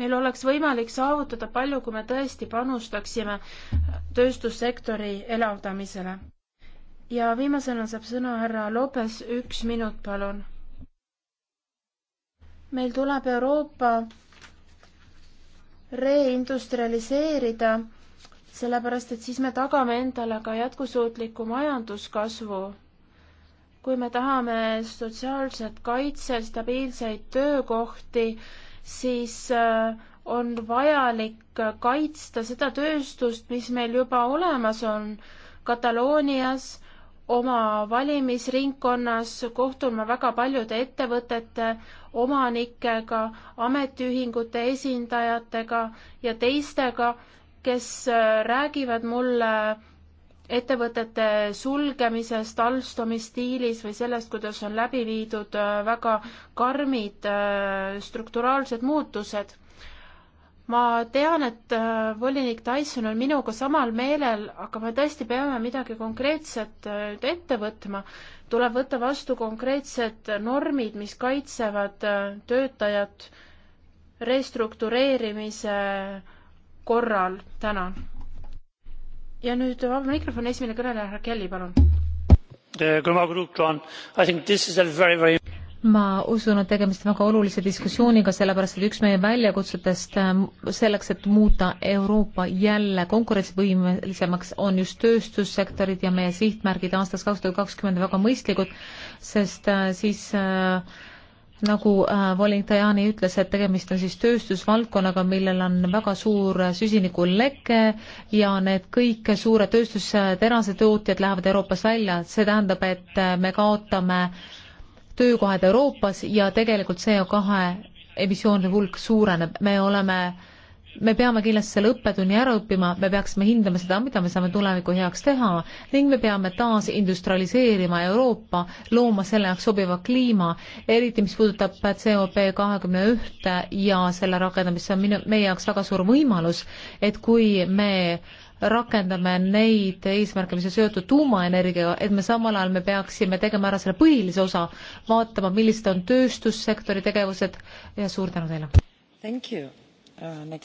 meil oleks võimalik saavutada palju, kui me tõesti panustaksime tööstussektori elavdamisele. ja viimasena saab sõna härra Lopes, üks minut, palun. meil tuleb Euroopa reindustrialiseerida, sellepärast et siis me tagame endale ka jätkusuutliku majanduskasvu. kui me tahame sotsiaalset kaitset, stabiilseid töökohti, siis äh, on vajalik äh, kaitsta seda tööstust, mis meil juba olemas on. Kataloonias oma valimisringkonnas kohtun ma väga paljude ettevõtete omanikega, ametiühingute esindajatega ja teistega, kes äh, räägivad mulle ettevõtete sulgemisest Alstomi stiilis või sellest, kuidas on läbi viidud äh, väga karmid äh, strukturaalsed muutused. ma tean, et äh, volinik Tyson on minuga samal meelel, aga me tõesti peame midagi konkreetset nüüd ette võtma. tuleb võtta vastu konkreetsed normid, mis kaitsevad töötajat restruktureerimise korral. tänan ja nüüd vaba mikrofoni esimene kõneleja, härra Kelly, palun. ma usun, et tegemist on väga olulise diskussiooniga, sellepärast et üks meie väljakutsetest ähm, selleks, et muuta Euroopa jälle konkurentsivõimelisemaks, on just tööstussektorid ja meie sihtmärgid aastast kaks tuhat kakskümmend väga mõistlikud, sest äh, siis äh, nagu äh, volinik Tajani ütles, et tegemist on siis tööstusvaldkonnaga, millel on väga suur süsinikuleke ja need kõik suured tööstusterasetootjad lähevad Euroopast välja, see tähendab, et äh, me kaotame töökohad Euroopas ja tegelikult CO2 emissioonide hulk suureneb, me oleme äh, me peame kindlasti selle õppetunni ära õppima, me peaksime hindama seda, mida me saame tuleviku heaks teha ning me peame taas industrialiseerima Euroopa, looma selle jaoks sobiva kliima, eriti mis puudutab COP kahekümne ühte ja selle rakendamist, see on minu, meie jaoks väga suur võimalus, et kui me rakendame neid eesmärke, mis on seotud tuumaenergiaga, et me samal ajal me peaksime tegema ära selle põhilise osa, vaatama, millised on tööstussektori tegevused ja suur tänu teile! Uh,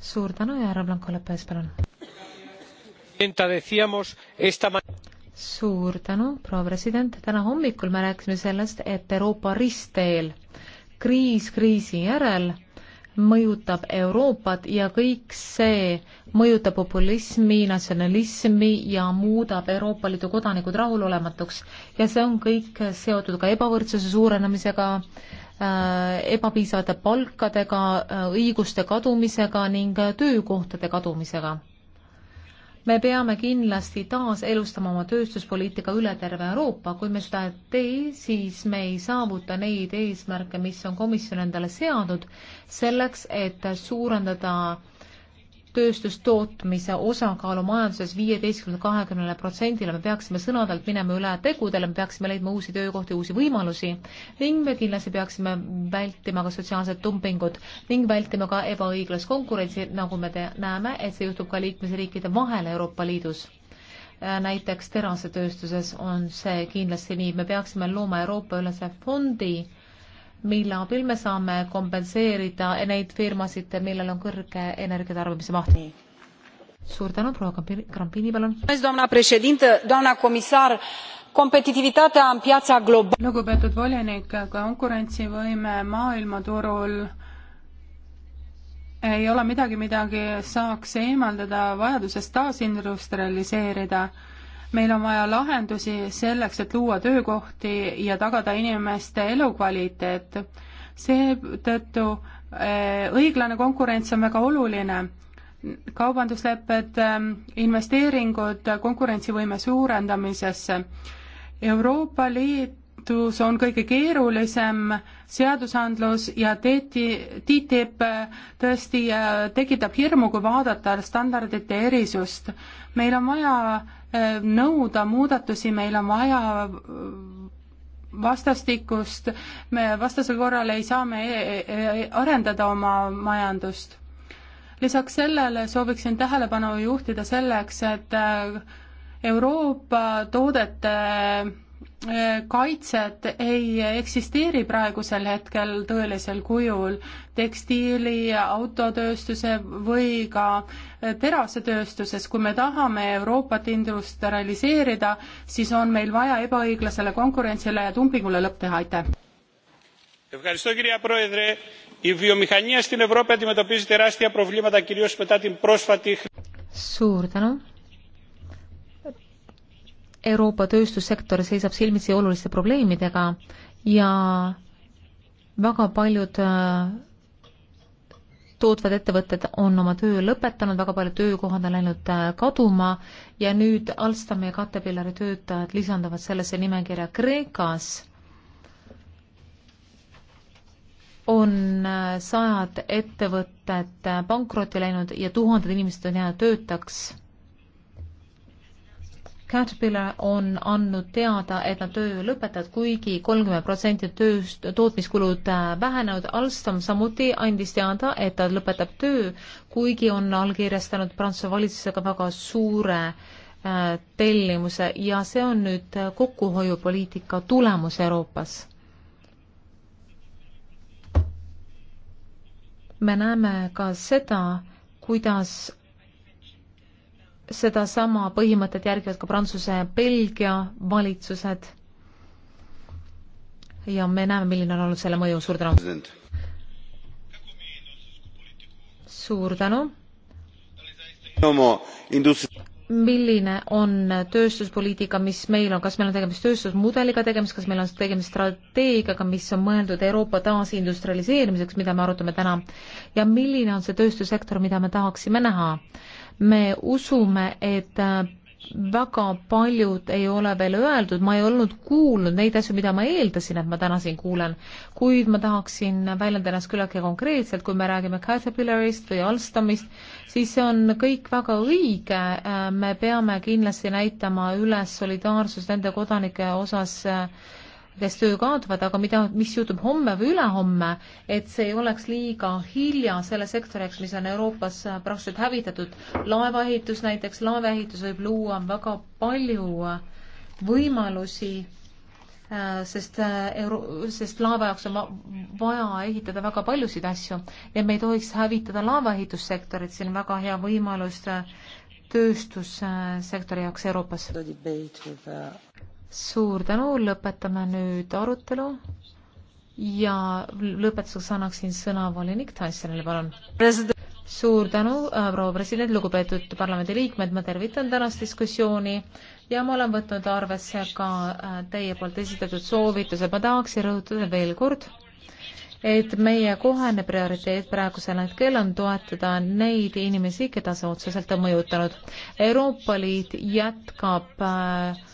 suur tänu ja härra Blanco Lopez, palun. suur tänu, proua president, täna hommikul me rääkisime sellest, et Euroopa ristteel kriis kriisi järel mõjutab Euroopat ja kõik see mõjutab populismi, natsionalismi ja muudab Euroopa Liidu kodanikud rahulolematuks. ja see on kõik seotud ka ebavõrdsuse suurenemisega äh,, Äh, ebapiisavate palkadega, äh, õiguste kadumisega ning äh, töökohtade kadumisega. me peame kindlasti taaselustama oma tööstuspoliitika üle terve Euroopa, kui me seda ei tee, siis me ei saavuta neid eesmärke, mis on komisjon endale seadnud, selleks et suurendada äh, tööstustootmise osakaalu majanduses viieteistkümnele, kahekümnele protsendile, me peaksime sõnadelt minema üle tegudele, me peaksime leidma uusi töökohti, uusi võimalusi ning me kindlasti peaksime vältima ka sotsiaalset dumpingut ning vältima ka ebaõiglast konkurentsi, nagu me te-, näeme, et see juhtub ka liikmesriikide vahel Euroopa Liidus äh, näiteks terasetööstuses on see kindlasti nii, me peaksime looma Euroopa-ülese fondi äh, mille abil me saame kompenseerida neid firmasid, millel on kõrge energiatarbimise maht. suur tänu, proua Krampini, palun. lugupeetud volinik, konkurentsivõime maailmaturul ei ole midagi, midagi saaks eemaldada vajadusest taasindustrialiseerida meil on vaja lahendusi selleks, et luua töökohti ja tagada inimeste elukvaliteet. seetõttu eh, õiglane konkurents on väga oluline. kaubanduslepped, eh, investeeringud konkurentsivõime suurendamisesse. Euroopa Liidus on kõige keerulisem seadusandlus ja TTIP, TTIP eh, tõesti tekitab hirmu, kui vaadata standardite erisust. meil on vaja nõuda muudatusi, meil on vaja vastastikust, me vastasel korral ei saa me e- e- e- arendada oma majandust. lisaks sellele sooviksin tähelepanu juhtida selleks, et Euroopa toodete kaitset ei eksisteeri praegusel hetkel tõelisel kujul tekstiili, autotööstuse või ka terasetööstuses. kui me tahame Euroopat industrialiseerida, siis on meil vaja ebaõiglasele konkurentsile ja dumpingule lõpp teha, aitäh. suur tänu. Euroopa tööstussektor seisab silmitsi oluliste probleemidega ja väga paljud äh, tootvad ettevõtted on oma töö lõpetanud, väga paljud töökohad on läinud äh, kaduma ja nüüd Alstami ja Caterpillari töötajad lisanduvad sellesse nimekirja Kreekas. on äh, sajad ettevõtted pankrotti läinud ja tuhanded inimesed on jäänud töötaks Caterpillar on andnud teada, et nad töö lõpetavad, kuigi kolmkümmend protsenti tööst, tootmiskulud äh, vähenevad. Alstom samuti andis teada, et ta lõpetab töö, kuigi on allkirjastanud Prantsuse valitsusega väga suure äh, tellimuse ja see on nüüd kokkuhoiupoliitika tulemus Euroopas. me näeme ka seda, kuidas sedasama põhimõtet järgivad ka Prantsuse ja Belgia valitsused. ja me näeme, milline on olnud selle mõju, suur tänu. suur tänu milline on tööstuspoliitika, mis meil on, kas meil on tegemist tööstusmudeliga tegemist, kas meil on tegemist strateegiaga, mis on mõeldud Euroopa taasindustrialiseerimiseks, mida me arutame täna, ja milline on see tööstussektor, mida me tahaksime näha? me usume, et väga paljud ei ole veel öeldud, ma ei olnud kuulnud neid asju, mida ma eeldasin, et ma täna siin kuulen, kuid ma tahaksin väljendada ennast küllaltki konkreetselt, kui me räägime Caterpillarist või Alstomist, siis see on kõik väga õige, äh, me peame kindlasti näitama üles solidaarsust nende kodanike osas äh, kes töö kaotavad, aga mida, mis juhtub homme või ülehomme, et see ei oleks liiga hilja selle sektori jaoks, mis on Euroopas äh, praktiliselt hävitatud. laevaehitus näiteks, laevaehitus võib luua väga palju äh, võimalusi, äh, sest euro-, sest laeva jaoks on vaja ehitada väga paljusid asju ja me ei tohiks hävitada laevaehitussektorit, see on väga hea võimalus tööstussektori jaoks Euroopas suur tänu, lõpetame nüüd arutelu ja lõpetuseks annaksin sõna volinik Tanssenile, palun. suur tänu, äh, proua president, lugupeetud parlamendiliikmed, ma tervitan tänast diskussiooni ja ma olen võtnud arvesse ka äh, teie poolt esitatud soovitused, ma tahaksin rõhutada veel kord, et meie kohene prioriteet praegusel hetkel on toetada neid inimesi, keda see otseselt on mõjutanud. Euroopa Liit jätkab äh,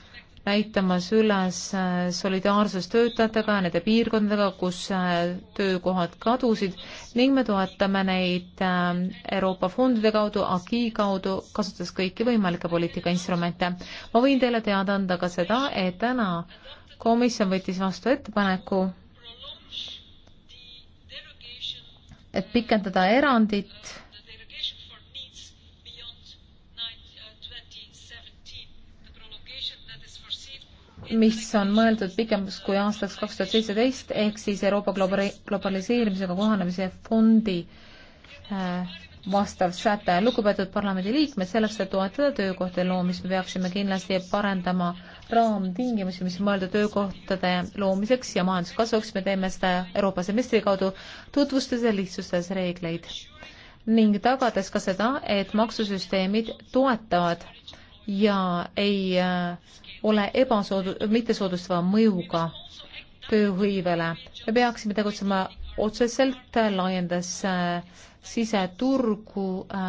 näitamas üles äh, solidaarsust töötajatega ja nende piirkondadega, kus äh, töökohad kadusid ning me toetame neid äh, Euroopa fondide kaudu, AGI kaudu, kasutades kõiki võimalikke poliitikainstrumente. ma võin teile teada anda ka seda, et täna komisjon võttis vastu ettepaneku, et pikendada erandit mis on mõeldud pikemaks kui aastaks kaks tuhat seitseteist ehk siis Euroopa globaliseerimisega kohanemise fondi äh, vastav säte. lugupeetud parlamendiliikmed, selleks, et toetada töökohtade loomist, me peaksime kindlasti parendama raamtingimusi, mis on mõeldud töökohtade loomiseks ja majanduskasvuks. me teeme seda Euroopa semestri kaudu, tutvustades ja lihtsustades reegleid ning tagades ka seda, et maksusüsteemid toetavad äh, ja ei äh, ole ebasoodu-, mittesoodustava mõjuga tööhõivele. me peaksime tegutsema otseselt, äh, laiendas äh, siseturgu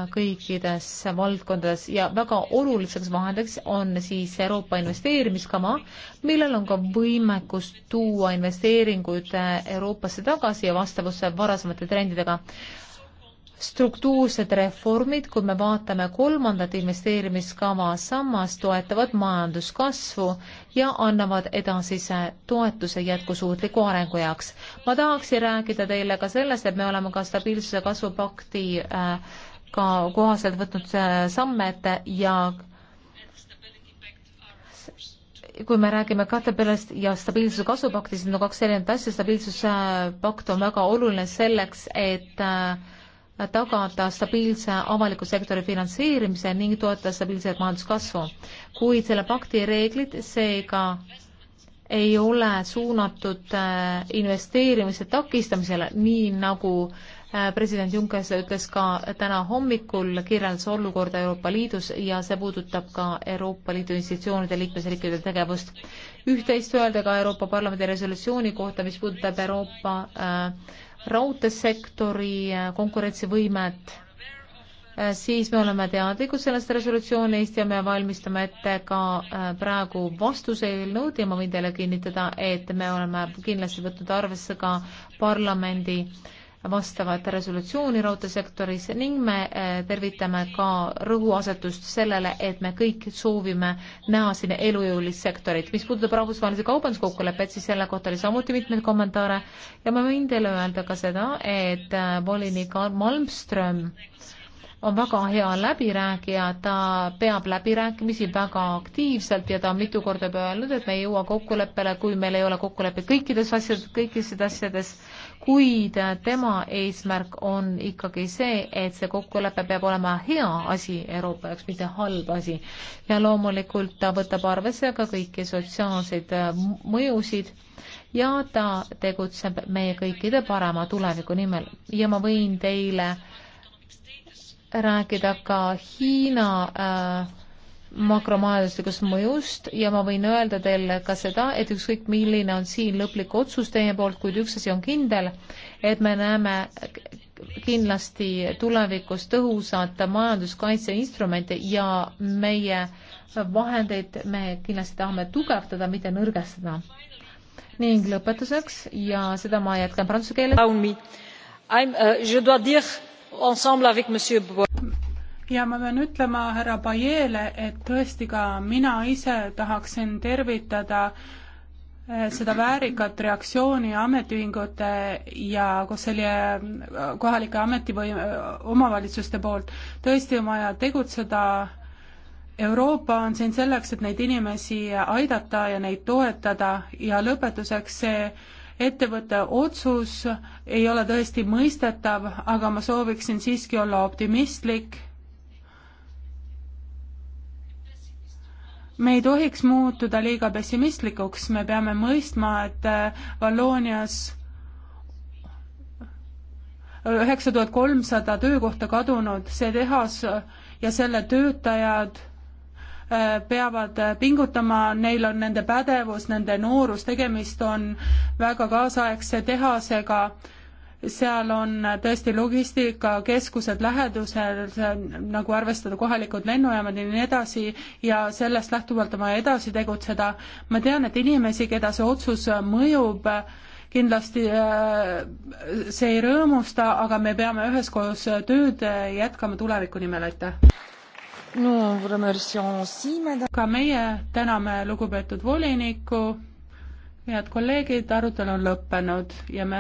kõikides valdkondades ja väga oluliseks vahendiks on siis Euroopa investeerimiskava, millel on ka võimekus tuua investeeringuid Euroopasse tagasi ja vastavusse varasemate trendidega struktuursed reformid, kui me vaatame kolmandat investeerimiskava sammast, toetavad majanduskasvu ja annavad edasise toetuse jätkusuutliku arengu jaoks. ma tahaksin rääkida teile ka sellest, et me oleme ka stabiilsuse kasvupakti äh, ka kohaselt võtnud äh, samme ette ja kui me räägime Caterpillarist ja stabiilsuse kasvupaktist, need on kaks erinevat asja, stabiilsuspakt on väga oluline selleks, et äh, tagada stabiilse avaliku sektori finantseerimise ning toetada stabiilset majanduskasvu, kuid selle pakti reeglid seega ei ole suunatud äh, investeerimise takistamisele, nii nagu äh, president Juncker ütles ka täna hommikul, kirjeldas olukorda Euroopa Liidus ja see puudutab ka Euroopa Liidu institutsioonide liikmesriikide tegevust. üht-teist öelda ka Euroopa Parlamendi resolutsiooni kohta, mis puudutab Euroopa äh, raudteesektori äh, konkurentsivõimet, äh, siis me oleme teadlikud sellest resolutsioonist ja me valmistame ette ka äh, praegu vastuse eelnõud ja ma võin teile kinnitada, et me oleme kindlasti võtnud arvesse ka parlamendi äh, vastavat resolutsiooni raudteesektoris ning me eh, tervitame ka rõhuasetust sellele, et me kõik soovime näha siin elujõulist sektorit. mis puudutab rahvusvahelise kaubanduskokkulepet, siis selle kohta oli samuti mitmeid kommentaare ja ma võin teile öelda ka seda, et eh, volinik Malmström äh, on väga hea läbirääkija, ta peab läbirääkimisi väga aktiivselt ja ta on mitu korda öelnud, et me ei jõua kokkuleppele, kui meil ei ole kokkulepet kõikides asjades, kõikides asjades, kuid tema eesmärk on ikkagi see, et see kokkulepe peab olema hea asi Euroopa jaoks, mitte halb asi. ja loomulikult ta võtab arvesse ka kõiki sotsiaalseid mõjusid ja ta tegutseb meie kõikide parema tuleviku nimel ja ma võin teile rääkida ka Hiina äh, makromajanduslikust mõjust ja ma võin öelda teile ka seda, et ükskõik milline on siin lõplik otsus teie poolt, kuid üks asi on kindel, et me näeme kindlasti tulevikus tõhusat majanduskaitse instrumente ja meie vahendeid me kindlasti tahame tugevdada, mitte nõrgestada. ning lõpetuseks ja seda ma jätkan prantsuse keeles ensemble avec monsieur ja ma pean ütlema härra Paiele, et tõesti ka mina ise tahaksin tervitada eh, seda väärikat reaktsiooni ametiühingute ja koos selle kohalike ametivõim-, omavalitsuste poolt. tõesti on vaja tegutseda Euroopa on siin selleks, et neid inimesi aidata ja neid toetada ja lõpetuseks see ettevõtte otsus ei ole tõesti mõistetav, aga ma sooviksin siiski olla optimistlik. me ei tohiks muutuda liiga pessimistlikuks, me peame mõistma, et äh, Valloonias üheksa tuhat kolmsada töökohta kadunud, see tehas ja selle töötajad Äh, peavad äh, pingutama, neil on nende pädevus, nende noorus, tegemist on väga kaasaegse tehasega, seal on tõesti logistikakeskused lähedusel, nagu arvestada kohalikud lennujaamad ja nii edasi, ja sellest lähtuvalt on vaja edasi tegutseda. ma tean, et inimesi, keda see otsus mõjub, kindlasti äh, see ei rõõmusta, aga me peame üheskoos tööd jätkama tuleviku nimel, aitäh! ka meie täname lugupeetud volinikku, head kolleegid, arutelu on lõppenud ja me